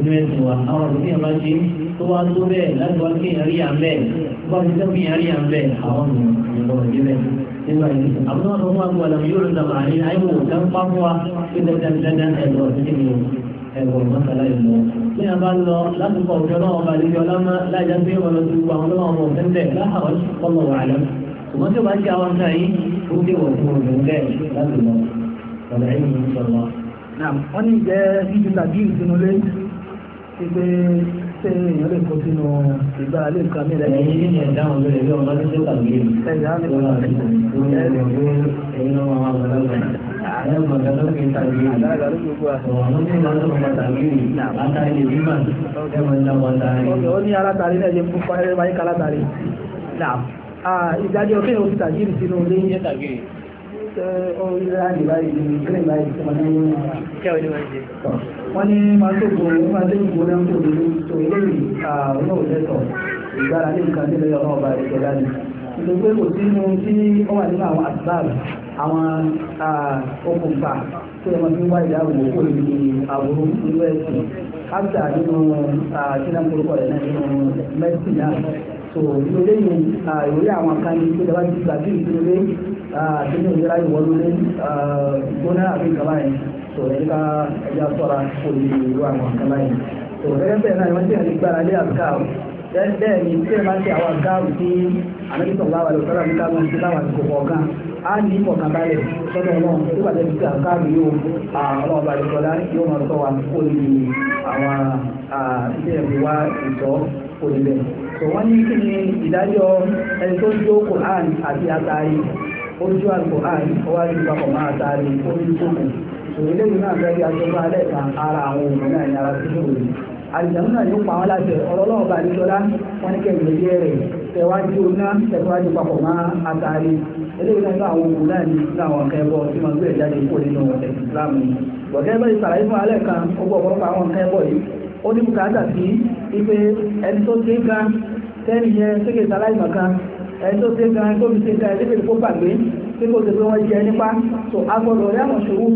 Speaker 2: inú ẹ̀sìn wa àwọn òbí ẹ̀ máa ṣe tó wá tó bẹ́ẹ̀ láti wá kí ẹ̀rí à ń bẹ́ẹ̀ tó bá ti tẹ́kùn ẹ̀rí à ń bẹ́ẹ̀ àwọn ọ̀nà ìrọ̀lẹ́ bẹ́ẹ̀ nígbà yìí àwọn ọmọ ọmọ àwọn ọmọ yóò lọ màá ní ayé wò ká ń pamọ́ wa kí dandan dandan ẹ̀rọ sí mi ẹ̀rọ mọ́sálá yìí lọ. bí a bá lọ lásìkò ọ̀fẹ́ náà ọba àlejò ọlámọ láìjá pé wọn lọ sí gbogbo àwọn ọmọ ọmọ ọ̀fẹ́ bẹ́ẹ̀ láhàwọ́ ọmọ wà lọ. ṣùgbọ́n tí o bá ṣe àwọn ọ̀sán yìí ó dé wọ̀ fún òun bẹ́ẹ̀ láti lọ. ọ̀rẹ́ yìí
Speaker 1: ń sọ ṣé èèyàn lè kó sínú ìgbà alẹ́ nǹkan mi rẹ̀. ẹ̀yin ní ẹ̀dá àwọn olórí
Speaker 2: ẹgbẹ́ ọmọ tó ṣe tàbí èmi. ẹ̀dá ní ọmọ rẹ̀ ẹ̀yin ọmọ àwọn ọ̀gá Àwọn ọmọ ọ̀gá ló fi tàbí
Speaker 1: èmi. Àwọn ọmọ tí wọ́n lọ́wọ́ tàbí èmi. Àtàrí lè bí mà. Ẹ mọ̀ ní ọmọ tàrí. Ó ní alátàrí náà yẹ fún fún ayé báyìí wọ́n ní máa tó gbòòrò máa tó gbòòrò náà kò ní tó ilé àwọn òṣèlú ìgbára ní nǹkan nílẹ̀ ọ̀rọ̀ ọba ìṣẹ̀dá ni nítorí pé kò sínú tí ó wà nínú àwọn àtìláàbù àwọn okùnfà tó yẹ máa fi wá ìdáàbò òkú ìlú àbúrò nínú ẹ̀sìn áfíà nínú sínàkórúkọ rẹ̀ náà nínú mẹ́sìn náà tó ìròyìn ìròyìn àwọn kan ní pé dábàá ti gbàgbé ìdílé Ah, kíni ò yẹra ìwọ lórí ah, ìgbóná àbí kaba yẹn tó yẹ ká ẹja sọra kó lè lu àwọn kaba yẹn tó gẹ́gẹ́ bẹ́ẹ̀ náà wọ́n ti hàn gbára lé àbíkáwò bẹ́ẹ̀ ni tí ẹ máa ń ṣe àwọn àbíkáwò tí àmẹ́ríkà wà lọ sọ́dọ̀ àbíkáwò máa ń ṣe láwọn àsìkò kọ̀ọ̀kan á ní ìmọ̀kànbalẹ̀ sọ́dọ̀ náà tó bá jẹ́ pé àbíkáwò yóò ọlọ́ọ̀bà ìkọlá yóò máa sọ wa kó lè àwọn ilé ẹ̀mí wa ìtọ́ kó lè bẹ̀. tó wọ́n ní kí ni ìdájọ́ ẹni tó ń jó Kùránì àti àtàrí ojú àgbò àì ọwá ní papọ̀ máa taari orí tókù ṣòwélé yìí náà fẹ́ẹ́ aṣọ́gbọ́n alẹ́ kan ara àwọn òun náà ní ara tó ṣòro yìí àlìjáde náà yóò pa wọn láti ọlọ́lọ́wọ́ bá níjọ́lá wọn ní kẹ́hìn lórí ẹ̀rẹ̀ tẹ̀wájú oná tẹ̀wájú papọ̀ máa àtàrí eléyìí náà àwọn òun náà ní àwọn akẹ́bọ̀ tí wọ́n gbé ìjáde kó nínú ẹ̀sìn Islam yìí wọ̀gẹ́ bẹ́ẹ̀ sàlàyé fún alẹ́ kan ó gbọ́ ọ̀pọ̀lọpọ̀ àwọn akẹ́bọ̀ yìí ó ní bùkátà sí ipe ẹni tó ti ń ga tẹ́ni yẹn sékè sàlàyé ẹni tó ṣe gan tó fi ṣe gan ẹni tó gbàgbé tí kò ṣe pé wọ́n jẹ nípa tó agbọ́dọ̀ rí àwọn ṣòwò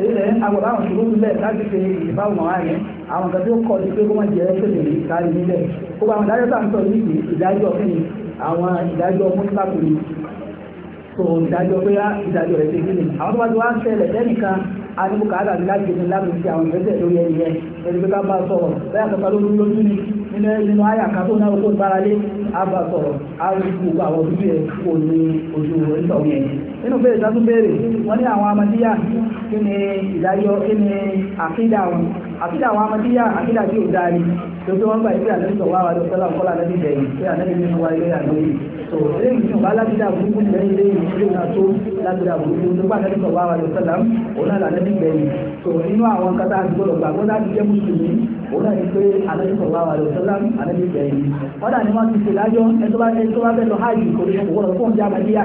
Speaker 1: èyí rẹ̀ agbọ́dọ̀ àwọn ṣòwò nílẹ̀ láti fi ìbáwò màmá yẹn àwọn nǹkan tí ó kọ́ ni pé kó má jẹ́ pèlè ní ìkárí nílẹ̀ gbogbo àwọn ìdájọ́ tá à ń sọ yìí ìdájọ́ fún mi àwọn ìdájọ́ mọ́tàkùnrin tó ìdájọ́ pé á ah, ìdájọ́ rẹ̀ ṣe kíni àwọn tó bá ti wá ń ṣẹlẹ̀ lẹ́nìkan anibukà àdàbí láti ní láti fi àwọn ìgbésẹ̀ lórí ẹni yẹn ẹni pé ká bá sọ̀rọ̀ bẹ́ẹ̀ kọ́ta ló ń lójú ni nínú nínú àyà kan tó náà kó gbára lé á bá sọ̀rọ̀ á rí gbogbo àwọn ojú yẹn kò ní ojú ìtọ̀ yẹn. nínú bẹ́ẹ̀ ìtàkùn béèrè wọ́n ní àwọn amadíyà kí ni ìdájọ́ kí ni àkídà wọn àkídà àwọn amadíyà àkídà tí ò dáa ni tó tó wọ́n gbà yí pé àlẹ́ sọ wá wa lọ sọ́lá kọ́lá lẹ́bí bẹ̀yìn pé àlẹ́ mi wá ilé àná yìí tó eléyìí tí ò bá lábídà burúkú lẹ́yìn lẹ́yìn ilé ìlà tó lábídà burúkú tó gbà lẹ́bí sọ wá wa lọ sọ́lá bẹ̀yìn tó nínú àwọn kátà àdúgbò lọ́gbà gbọ́dá ti jẹ́ mùsùlùmí òun náà ni pé alẹ́sọ̀ wà wà lọ́sọ́lá alẹ́bí bẹ̀rẹ̀ yìí ọ̀dà ni wọ́n ti ṣe lájọ́ ẹni tó bá bẹ́ẹ̀ lọ hajj kò ní òwúrọ̀ fún ọjà àmàdíyà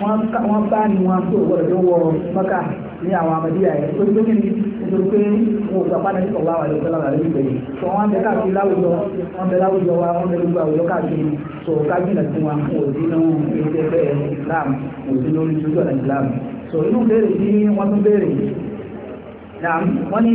Speaker 1: wọ́n bá ní wọn pé òwúrọ̀ tó wọ mọ́kà ní àwọn àmàdíyà yẹn tó tó kí ni nítorí pé wọn ò gbàgbá alẹ́sọ̀ wà wà lọ́sọ́lá alẹ́bí bẹ̀rẹ̀ tó wọ́n bẹ káàkiri láwùjọ wọ́n bẹ láwùjọ wa wọ́n bẹ gbogbo àwùjọ káàkiri tó kájìnà sí wọn kò sí nínú ilé ẹgbẹ́ Islam kò sí lórí ìṣújọ́ ọ̀nà Islam tó inú béèrè tí wọ́n tún béèrè wọ́n ní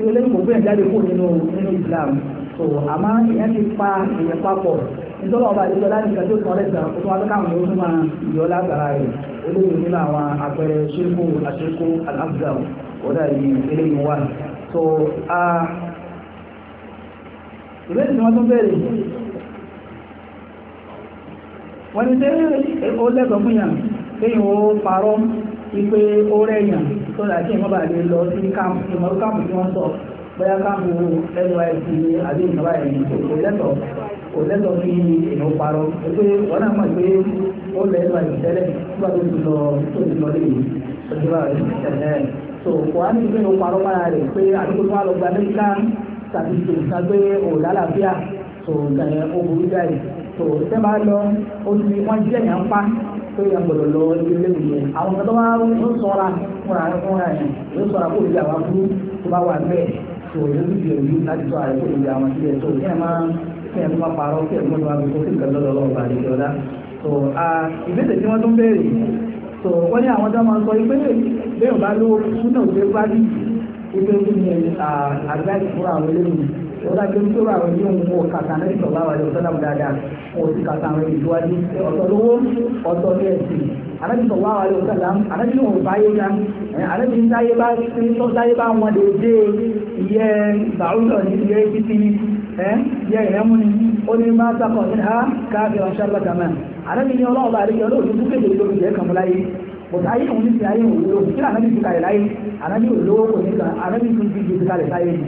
Speaker 1: ìwé lẹ́yìn òkú ẹ̀ jáde kú nínú nínú Islam so àmọ́ ìyẹn ti pa ìyẹn papọ̀ nítorí ọba ndị láti tó kàn lẹ́sàn án fún akẹ́kọ̀ọ́ àwọn yòókù máa yọ rẹ̀ nínú àwọn ṣẹ́kù àṣẹ́kù aláfíà ọ̀dà yìí eléyìí wà so ìwé ìsìn wọn tún bẹ̀rẹ̀ wọ́n ti dé ó lẹ́tọ̀ọ́ fún yàn ó parọ́ ó rẹ̀ yàn tó dà kí ìmọ̀bà lè lọ sí káàmù ìmọ̀rú káàmù tí wọ́n sọ bóyá káàmù nysc ní àbí ìjọba ẹ̀yìn kò lẹ́tọ̀ kò lẹ́tọ̀ kí èèyàn ó parọ́ pé wọ́n náà mọ̀ pé ó lẹ́ nysc tẹ́lẹ̀ nígbà tó ti lọ tó ti lọ lé yìí tó so kò á ní ìpínlẹ̀ parọ́ mára rẹ̀ pé àdúgbò tó wà lọ gba amẹ́ríkà tàbí ìṣèlúta ò lálàáfíà so ó burú jáì so tẹ́ bá lọ ó ti wọ́n jí ẹ̀yàn pa tó yẹ gbọ́dọ̀ lọ ilé ìwé àwọn kan tó bá ń ṣọ́ra fúnra fúnra yẹn yóò ṣọ́ra kó lè àwọn aburú tó bá wà bẹ́ẹ̀ tó yẹ kó lè yí láti tó àrẹ kó lè àwọn sílẹ̀ tó kí ẹ máa kí ẹ máa parọ́ kí ẹ máa máa kó kí nǹkan lọ́dọ̀ lọ́wọ́ bàálẹ̀ ìjọba tó a ìbéèrè tí wọ́n tún béèrè tó wọ́n ní àwọn tó máa sọ pé bẹ́ẹ̀ bá lówó fún náà ó ọ̀dà tó ń sọ̀rọ̀ àwọn yìí ń wọ kàtà náà sọ̀rọ̀ àwọn ẹ̀dọ̀ sọ́dà dáadáa wọn ò sì kàtà àwọn ìdíwájú ọ̀tọ̀ lówó ọ̀tọ̀ ní ẹ̀sìn anabi sọ̀rọ̀ àwọn ẹ̀dọ̀ sọ̀dà anabi ní òun báyé ga anabi ní táyé bá ti tọ́ táyé bá wọn lè dé iye bàrúdọ̀ ní iye títí iye ìrẹ́mú ni ó ní máa sákọ̀ ní ha káàbì ọ̀ṣẹ́ lọ́gàmẹ́ anabi ní ọlọ́run bá àríkẹ́ olóòtú tó kéde lórí ìjẹ́ kàmú láyé bọ̀dá ayé òun ní ti ayé òun lóòtú kí anabi ti kalẹ̀ láyé anabi òun lówó kò ní kan anabi tún ti ju ti kalẹ̀ láyé ni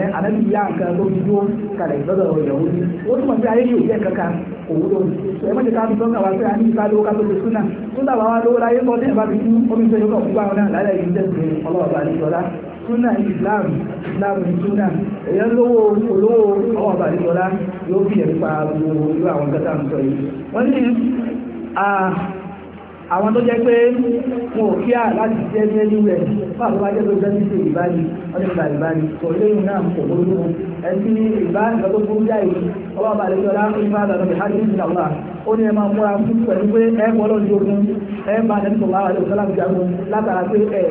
Speaker 1: ẹ àdàbí ìyá nǹkan tó fi dúró kalẹ̀ lọ́dọ̀ ìyàwó ni ó túmọ̀ sí ayé yóò jẹ́ kankan kò wúlò ẹ má jẹ́ ká fi sọ́kàn wá pé a ní ìka lówó ká tó fi súnà súnà bá wá lówó láyé kọ́ tẹ́lẹ̀ bá fi kú omi ìfẹ́ yọkọ̀ fún báwọn náà láyé ìdí tẹ̀sí ọlọ́wọ́ bá ní sọ́lá súnà islam islam súnà èyàn lówó olówó ọwọ́ bá ní sọ́lá yóò fi ẹ̀ pa gbogbo irú àwọn kẹta ń sọ yìí wọ́n ní àwọn tó jẹ́ pé wọn ò láti jẹ́ ní ẹni rẹ̀ fún àwọn ajẹ́ tó jẹ́ni ṣe ìbáni ọdún ìgbà ìbáni kò léyìn náà kò lọ́tọ́ jáì ọba ó ní ẹ máa múra fún pẹ̀lú pé ẹ bọ́ lọ́dún wà láti jagun látara pé ẹ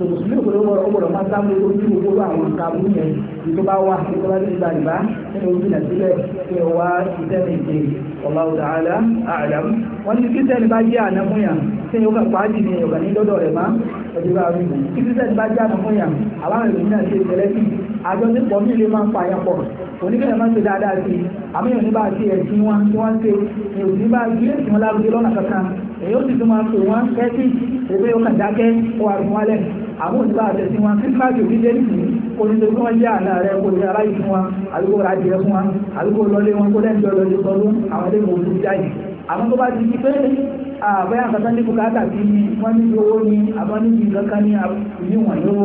Speaker 1: sòmùsùlùmí òkúrò wọ́n ọgbọ̀rọ̀ máa sáàmù ojú gbogbo àwọn ìkàmú yẹn tó bá wà tó bá nígbà ìbá nínú ojú nàìjíríà pé ó wá iṣẹ́ méje Allahu ta'ala a'lam wọ́n ní kí sẹ́ni bá jẹ́ ànámúyà tí yóò kà pàájì ní ọ̀gá ní lọ́dọ̀ rẹ̀ má ọjọ́ bá rí kí sẹ́ni bá jẹ́ ànámúyà àwọn ìròyìn náà ṣe ìṣẹ̀lẹ̀ sí àjọṣepọ̀ tí wọ́n ṣe èrò máa ń pè àwọn òṣìṣẹ́ àtẹ̀sí wọn kí káàdì òdíje nìyí oníṣẹ́ fún wọn jẹ́ àná rẹ kó ní aráyè fún wọn àdúgbò rà jẹ fún wọn àdúgbò lọlé wọn kó lẹ́jọ́ lọlé sọdún àwọn ilé ìwòsàn tó jáde àwọn tó bá ti di pé àbẹ́yà kankan ní bùkátà sí ni wọ́n ní owó ní àbọ̀ níbi kankan ní ìyíwọ̀n yóò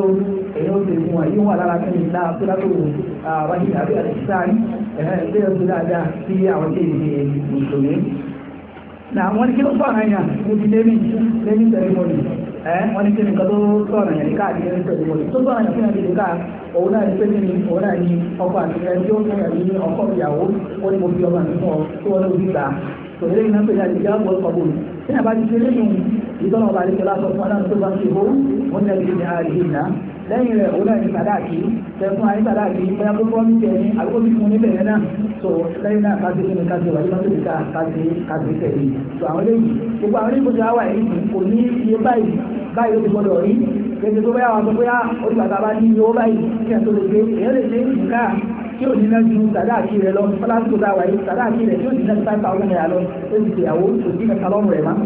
Speaker 1: èyí ó tẹ̀sí wọn yóò wà lára kí ni ìlà àtúrátò àbájú àbí àtẹ̀sáàrí ẹ̀hẹ́ ìgbéyàwó tó dáadáa sí àwọn tí èdè mùsùlùmí. Nà ẹ wọ́n ní kí ni nǹkan tó sọ̀rọ̀ yẹn ká àti ẹni tẹ̀lé wọlé tó sọ̀rọ̀ yẹn kí ni ká òun náà ní pé kí ni òun náà ní ọkọ àti ẹni tí ó fún yàrá ní ọkọ ìyàwó ó ní mo fi ọmọ àti fún ọ tó wọn ló fi gbà tòlẹ́ iná pé yàrá ìjà bọ̀ ọkọ̀ bòlù tí a ṣe lẹ́yìn ìtọ́nà ọba àdékẹ́lá sọ fún adáàtú tó bá ti hó wọ́n ní lẹ́yìn rẹ̀ òun náà ní sàdáàkì tẹ̀fún àní sàdáàkì bóyá tó bọ́ níbẹ̀ ní àgbo tí fún níbẹ̀ yẹn náà tó lẹ́yìn náà ká tẹ̀lé ká tẹ̀lé wáyé lọ́sẹ̀ ká ká tẹ̀lé ká tẹ̀lé tẹ̀lé tó àwọn eléyìí gbogbo àwọn eléyìí tó ti wá wà yìí kò ní iye báyìí báyìí ló ti gbọdọ̀ rí kéde tó bóyá wà sọ bóyá ah, ó ti bàtà bá ní iye ó báyìí kí ẹ̀ tó lè gbé èyàn lè ṣe nǹkan tí ò ní náà ju sàdáàkì rẹ lọ fọlá tó dáwà yìí sàdáàkì rẹ tí ò ní náà ju five thousand naira lọ ó ti ṣèyàwó òsì kẹta lọ́rùn rẹ̀ máa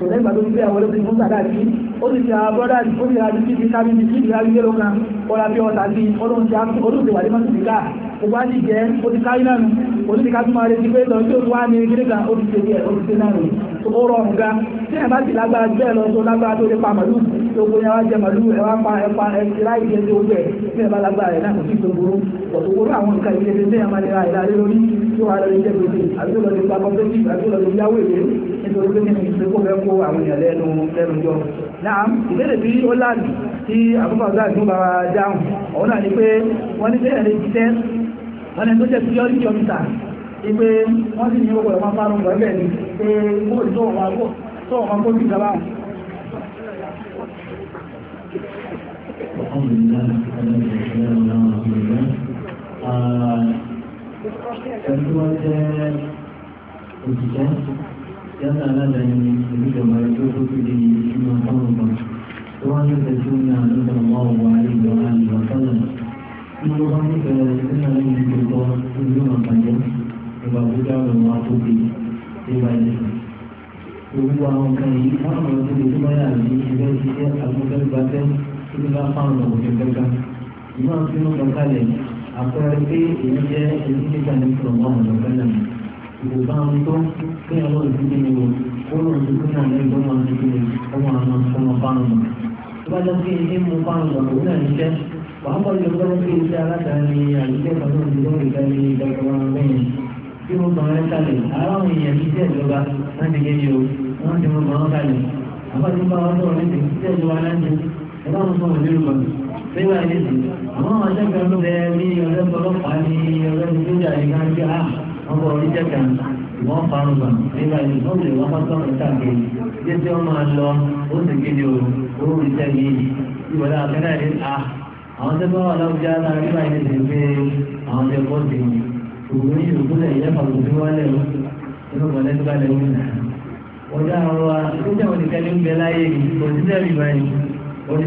Speaker 1: tò lẹ́gbàá tó ń gbé àwọn olóṣèlú fún sàdá sí ó sì ti àwọn bọ́dà ó sì ra bíbí ká bíbí sí ìlú abíyé ló kan ọ̀la bí ọ̀tà sí olóṣèlú wà ní mọ́tò sí ká gbogbo àti jẹ́ ó ti káyí náà nù ó ti ká tó máa retí pé lọ sí òun wá ní ilé kan ó ti ṣe díẹ̀ ó ti ṣe náà nù ó rọrùn ga tí ẹ̀ bá ti lágbára bẹ́ẹ̀ lọ tó lágbára tó lè pa màlúù tó gbogbo yẹn wá jẹ màlúù ẹ wá pa ẹ pa ẹ ti láì jẹ tó bẹ̀ tí ẹ bá lágbára rẹ̀ náà kò sí tó burú ọ̀tọ̀ gbogbo àwọn nǹkan ìdílé tí ẹ máa lè ra ìlà lé lórí tó wà lórí jẹ́ gbèsè àbí lọ lè pa kọ́ńtẹ́tì àbí lọ lè yáwó èlé nítorí pé kí ni ìṣẹ́kọ̀ọ́ kó àwọn èèyàn lẹ́nu lẹ́nu jọ náà ìbéèrè bí ó láàbì tí àbúkọ ọ̀gá àti ọba dáhùn ọ̀hún náà ni pé wọ́n ní bẹ́ẹ̀ lè jíṣẹ́ wọ́n ní tó jẹ́ security officer ni pé wọ́n sì ní owó ọ̀rọ̀ máa fárún bọ̀ ẹ̀bẹ̀ ni pé bóòlù tó wọn kó
Speaker 2: ah, jẹ́ òṣìṣẹ́ yálà aládàáni ni oníjọba ẹjọ́ tó fi lè ṣúná fọ́nrán kan tó wá nífẹ̀ẹ́ tí ó ní àdúgbò ọmọ ọ̀wà ìlú àlùbọ̀ sọ́nà tí ó bá nífẹ̀ẹ́ nínú àwọn ìlú kọ́ nínú àbàjẹ́ ìgbà àbújá ọ̀rọ̀ wa tó fi ìgbà ìlú. Gbogbo àwọn kan yìí fáwọn ọ̀rọ̀ tó lè tó báyà ní ilé iṣẹ́ àgbẹ̀gbẹ̀ tó bá fáwọn ọ̀rọ̀ kẹ̀kẹ́ ìmọ̀ tí wọ́n kọ́ kalẹ̀ àpẹẹrẹ pé èyí jẹ́ èyí nígbà ní ìfọ̀mọ́ ọ̀rọ̀ kẹlẹ̀ ìgbò bá wọn tó kí ọmọ ìdílé ni ó lọ sí kí ọmọ ìgbọ́n máa ti kí ọmọ àwọn ọmọ fáwọn mọ̀. tó bá jẹ́ pé ilé mú fáwọn mọ̀ òun náà níṣẹ́ wàá bọ̀ yọ lọ́wọ́ pé iṣẹ́ alátàáni àyíké kan náà ti lọ́wọ́ ìgbà ní ìdàgbà bẹ́yẹn tí wọ́n gbọ́n rẹ́ kalẹ̀ aráwọn èèyàn ti tẹ̀ ìjọba láti gé ni o wọ́n ti mú gbọ́n kalẹ̀ àbájú bá wọn sọ̀rọ̀ níbi tẹ̀ ìjọba láti ẹ bá wọn sọ̀rọ̀ nílùú kan nígbà yìí sì àwọn ọ̀jẹ̀ kan ló bẹ ní ọ̀rẹ́ ọlọ́pàá ní ọ̀rẹ́ ìgbéjà yìí kan gbé à ah, wọ́n bọ̀ orí jẹ́ kan wọ́n parun bà nígbà yìí wọ́n lè wọ́n fọ́tọ́ rẹ̀ káàkiri bí ẹsẹ̀ wọn máa lọ ó sì kéde o ó rí iṣẹ́ yìí ìwọ̀dà àfẹ́rẹ́ rẹ̀ a àwọn tẹ́ bá wà láwùjá náà nígbà yìí lè pé àwọn tẹ́ bọ́ sí i òun yìí òkú lẹ̀ yẹ fàlùkù tí wọ́n lẹ̀ o inú kọ̀ọ̀lẹ́ tó bá lẹ̀ nà. ọjà àwọn wa nígbà wọn nìkan ní bẹ láyé kò sí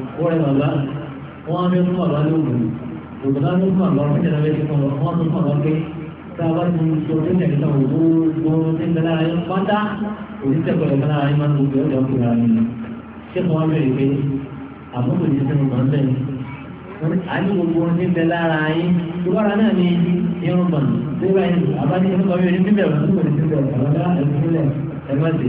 Speaker 2: wọ́n rẹ̀ bàbá wọ́n á fẹ́ fún bàbá lóògùn lògùn náà ló fún bàbá fún ìjọba ẹ̀ṣin fún wọn wọ́n tún fún bàbá pé tá a bá ti sọ pé ní ẹ̀ṣin àwọn gbogbo ní ń bẹ̀rẹ̀ ayé pátá òṣìṣẹ́ pẹ̀lú ẹ̀ṣin ara yín máa ń gbogbo ẹ̀ṣin ọkùnrin ara yín ṣé kò wá bẹ̀rẹ̀ pé àbúkù ti sẹ́nu máa ń bẹ̀rẹ̀ àní gbogbo ní bẹ lára yín ìwọ́ra náà ni irun mọ̀ nígbà yìí àbájú irun kan yóò ní bíbẹ̀ wọ́n tó ní bíbẹ̀ wọ́n dá ẹ̀kúnlẹ̀ ẹ̀mọ́tì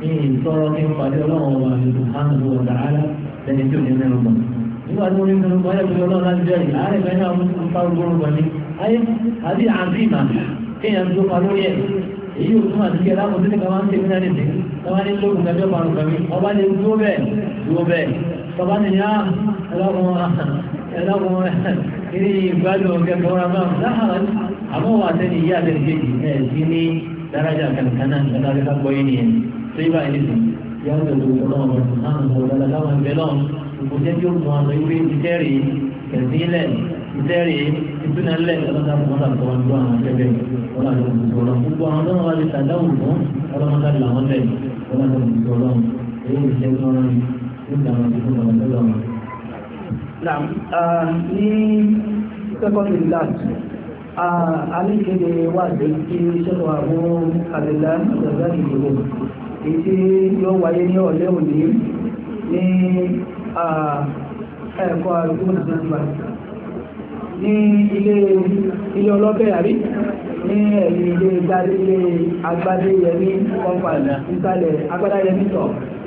Speaker 2: ní ìtọ́rọ́ ní ìpàdé ọlọ́run ọba ìlú hàn ló wọ̀ dáadáa lẹ́ni tí ò ní mẹ́rin mọ́ nígbà tí wọ́n ní mẹ́rin mọ́ ayé ìgbésẹ̀ ọlọ́run láti jẹ́ yìí àárẹ̀ mẹ́rin àwọn tó ń fa gbọ́rọ̀ wọ̀ ní ayé àbí àbímà kéèyàn tó pa lórí ẹ̀ èyí ò túmọ̀ sí kí ẹ̀dá kòtò nìkan máa ń tẹ̀lé náà nìdí tọ́ba ní lóògùn kẹjọ parun kẹmí ọba ní dúró bẹ́ẹ̀ dúró bẹ́ẹ̀ tọ́ba ní yá ẹlọ́kùn ẹlọ́kùn kiri ìgbádùn kẹkọọ ra máa dáhà yá ń bẹ̀rù ọlọ́run ọ̀rọ̀ náà ń bọ̀ dáadáa àwọn ìwé ìtẹ́rì
Speaker 1: ìdìbò èyí tí yóò wáyé ní ọ̀lẹ́ òní ní ẹ̀kọ́ àdúgbò nàìjíríà ní ilé ilé ọlọ́bẹ̀ àrí ní ẹ̀yìn ilé gbadélé agbádéyẹmí kọ́ńpàlì nísàlẹ̀ agbádáyẹmí tọ̀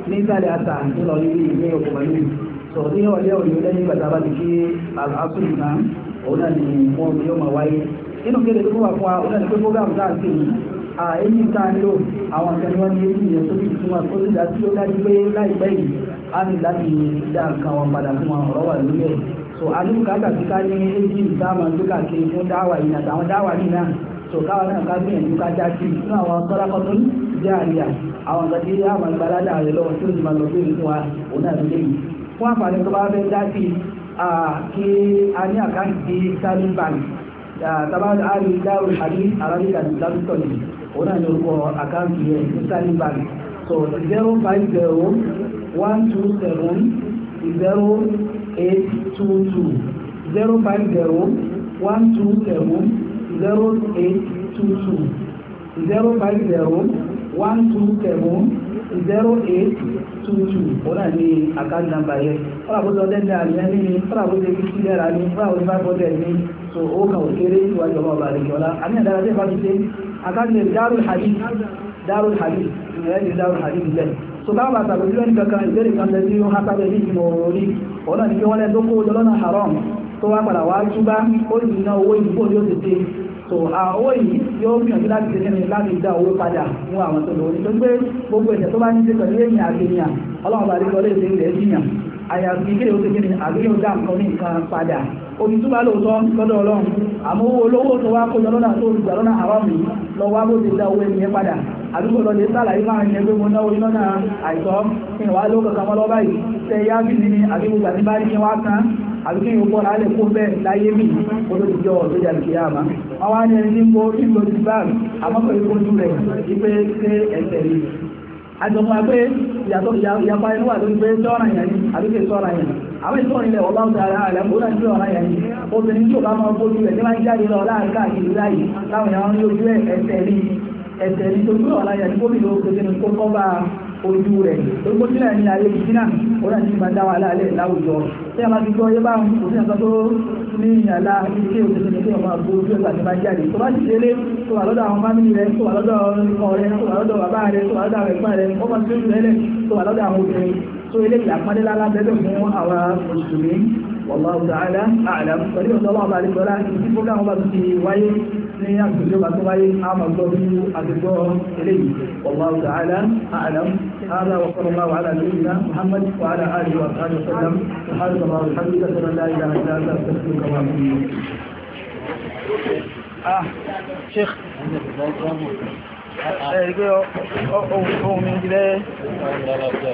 Speaker 1: nísàlẹ̀ àtà ńlọrí ní òkùnmọ̀lú sọ ní ọ̀lẹ́ òní lẹ́yìn ìgbàdá bá ti kí àásùn náà òun náà ni wọ́n yóò máa wáyé nínú kéde tó wà fún wa òun náà ni pé program náà ń pè yìí èyí tá a lò àwọn àtẹni wọn ní èyí yẹn tó ti túmọ̀ tó ti dájú ó dájú pé láìpẹ́ yìí á ní láti dá nǹkan wọn padà fún wọn ọ̀rọ̀ wà lórí ẹ̀ so àdúgbò káàkà tí ká ní èyí ìdáàmà tó kàkiri fún dáwà yìí àtàwọn dáwà yìí náà so káwa náà ká gbìyànjú ká já sí nínú àwọn sọ́lákọ́tún jẹ́ àríyá àwọn nǹkan tí àwọn ìgbàládà rẹ̀ lọ́wọ́ tí ó ti máa lọ sí ìlú wa òun náà ló léyìí fún àǹfààní tó bá fẹ́ dá sí kí a òun náà ní orúkọ àkáǹtì yẹn ìsàlì bank so zero five zero one two seven zero eight two two zero five zero one two seven zero eight two two zero five zero one two seven zero eight two two òun náà ní account number yẹn fúnra bó ti ọdẹ ní àmì ẹni ni fúnra bó ti fi dẹ́ra ni fúnra bó ti bá bọ́dẹ̀ ni so ó kàn ó kéré ìwájú ọmọ ọba àdìgbò ọlá àmì ẹ̀dára tẹ́ fàájú pé account name darul hadith darul hadith ìrẹ́ ní darul hadith bẹ́ẹ̀ so báwọn bá sàbẹ̀jú ẹni kankan ìbéèrè kan lẹ sí wọn sábẹ̀ ní ìmọ̀ orí òun náà ní kí wọ́n lẹ́ tó kó lọ́nà haram tó wá padà wá túbá ó sì ná owó ìdúgbò ní ó ti ṣe so owó yìí yóò gbìyànjú láti ṣe nínú láti dá owó padà fún àwọn tó lòó nítorí pé gbogbo ẹ̀ṣẹ̀ tó bá ní ṣe pẹ̀lú èèyàn àti èèyàn ọlọ́run bá rí kọ́ léèṣe ilẹ̀ jìyàn àyàfi kí lèo ṣe kí ni àbí yóò dá nǹkan ní nǹkan padà omi túbá lóòótọ́ lọ́dọ̀ ọlọ́run àmọ́ owó olówó tó wá kó lọ́nà àdúgbò lọ lè sàlàyé máa ń yẹ pé mo náwó iná náà àìsọ́ kí n wá ló kankan mọ́ lọ́ báyìí tẹ yá bí ní àdúgbò gbà ní bá ní wá kan àdúgbò yìí bọ́ lálẹ́ kó bẹ́ẹ̀ láyé mi kó ló ti jọ ọ̀dọ́ jà lùkìyà àmà wọn wá ní ẹni ní mo ní mo ti bá àmọ́ pẹ̀lú ojú rẹ̀ wípé ṣé ẹsẹ̀ rí àjọmọ́ pé ìyàtọ̀ ìyapa inú wà lórí pé sọ́ọ̀ràn yẹn ni àdúgbò sọ́ọ̀ràn yẹn àwọn ìtọ́rin ilẹ̀ ọlá ọ̀tà ara rẹ̀ ó dájú ọ̀rá yẹn obìnrin tí ò bá máa bójú rẹ̀ ní máa ń jáde lọ láàrín káàkiri láyé láwọn èèyàn ń lójú ẹsẹ̀ rí ẹ̀sẹ̀ ní torí ọ̀la yà ní gómìnà òkèjìnà tó kọ́ bá ojú rẹ̀ orúkọ sílẹ̀ ní ayé ìdínà ó rà ní ìgbà dá wàhálà alẹ́ láwùjọ tí a máa fi gbọ́ yé bá ń kò sí ẹ̀sán tó ní ìyàlá ilé òkèjìnà tí ọmọ àgbo ojú ẹ̀sán ti bá jáde tó bá sì délé tó wà lọ́dọ̀ àwọn fámìlì rẹ̀ tó wà lọ́dọ̀ ọ̀rẹ́ tó wà lọ́dọ̀ bàbá rẹ̀ tó wà lọ́dọ̀ ẹ̀gbọ́n rẹ̀ ó máa tún lẹ́lẹ̀ tó wà lọ́dọ̀ àwọn obìnrin tó ilé ìyàpọ́nlélá ní àgbèjọ bá tó wáyé àmà gbọ́ bí àgbègbọ́ eléyìí wallahu ta'ala a'lam hada wa sallallahu ala nabiyyina muhammad wa ala alihi wa sahbihi wa sallam subhanahu wa ta'ala alhamdulillahi wa la ilaha illa anta astaghfiruka
Speaker 2: wa atubu ilayk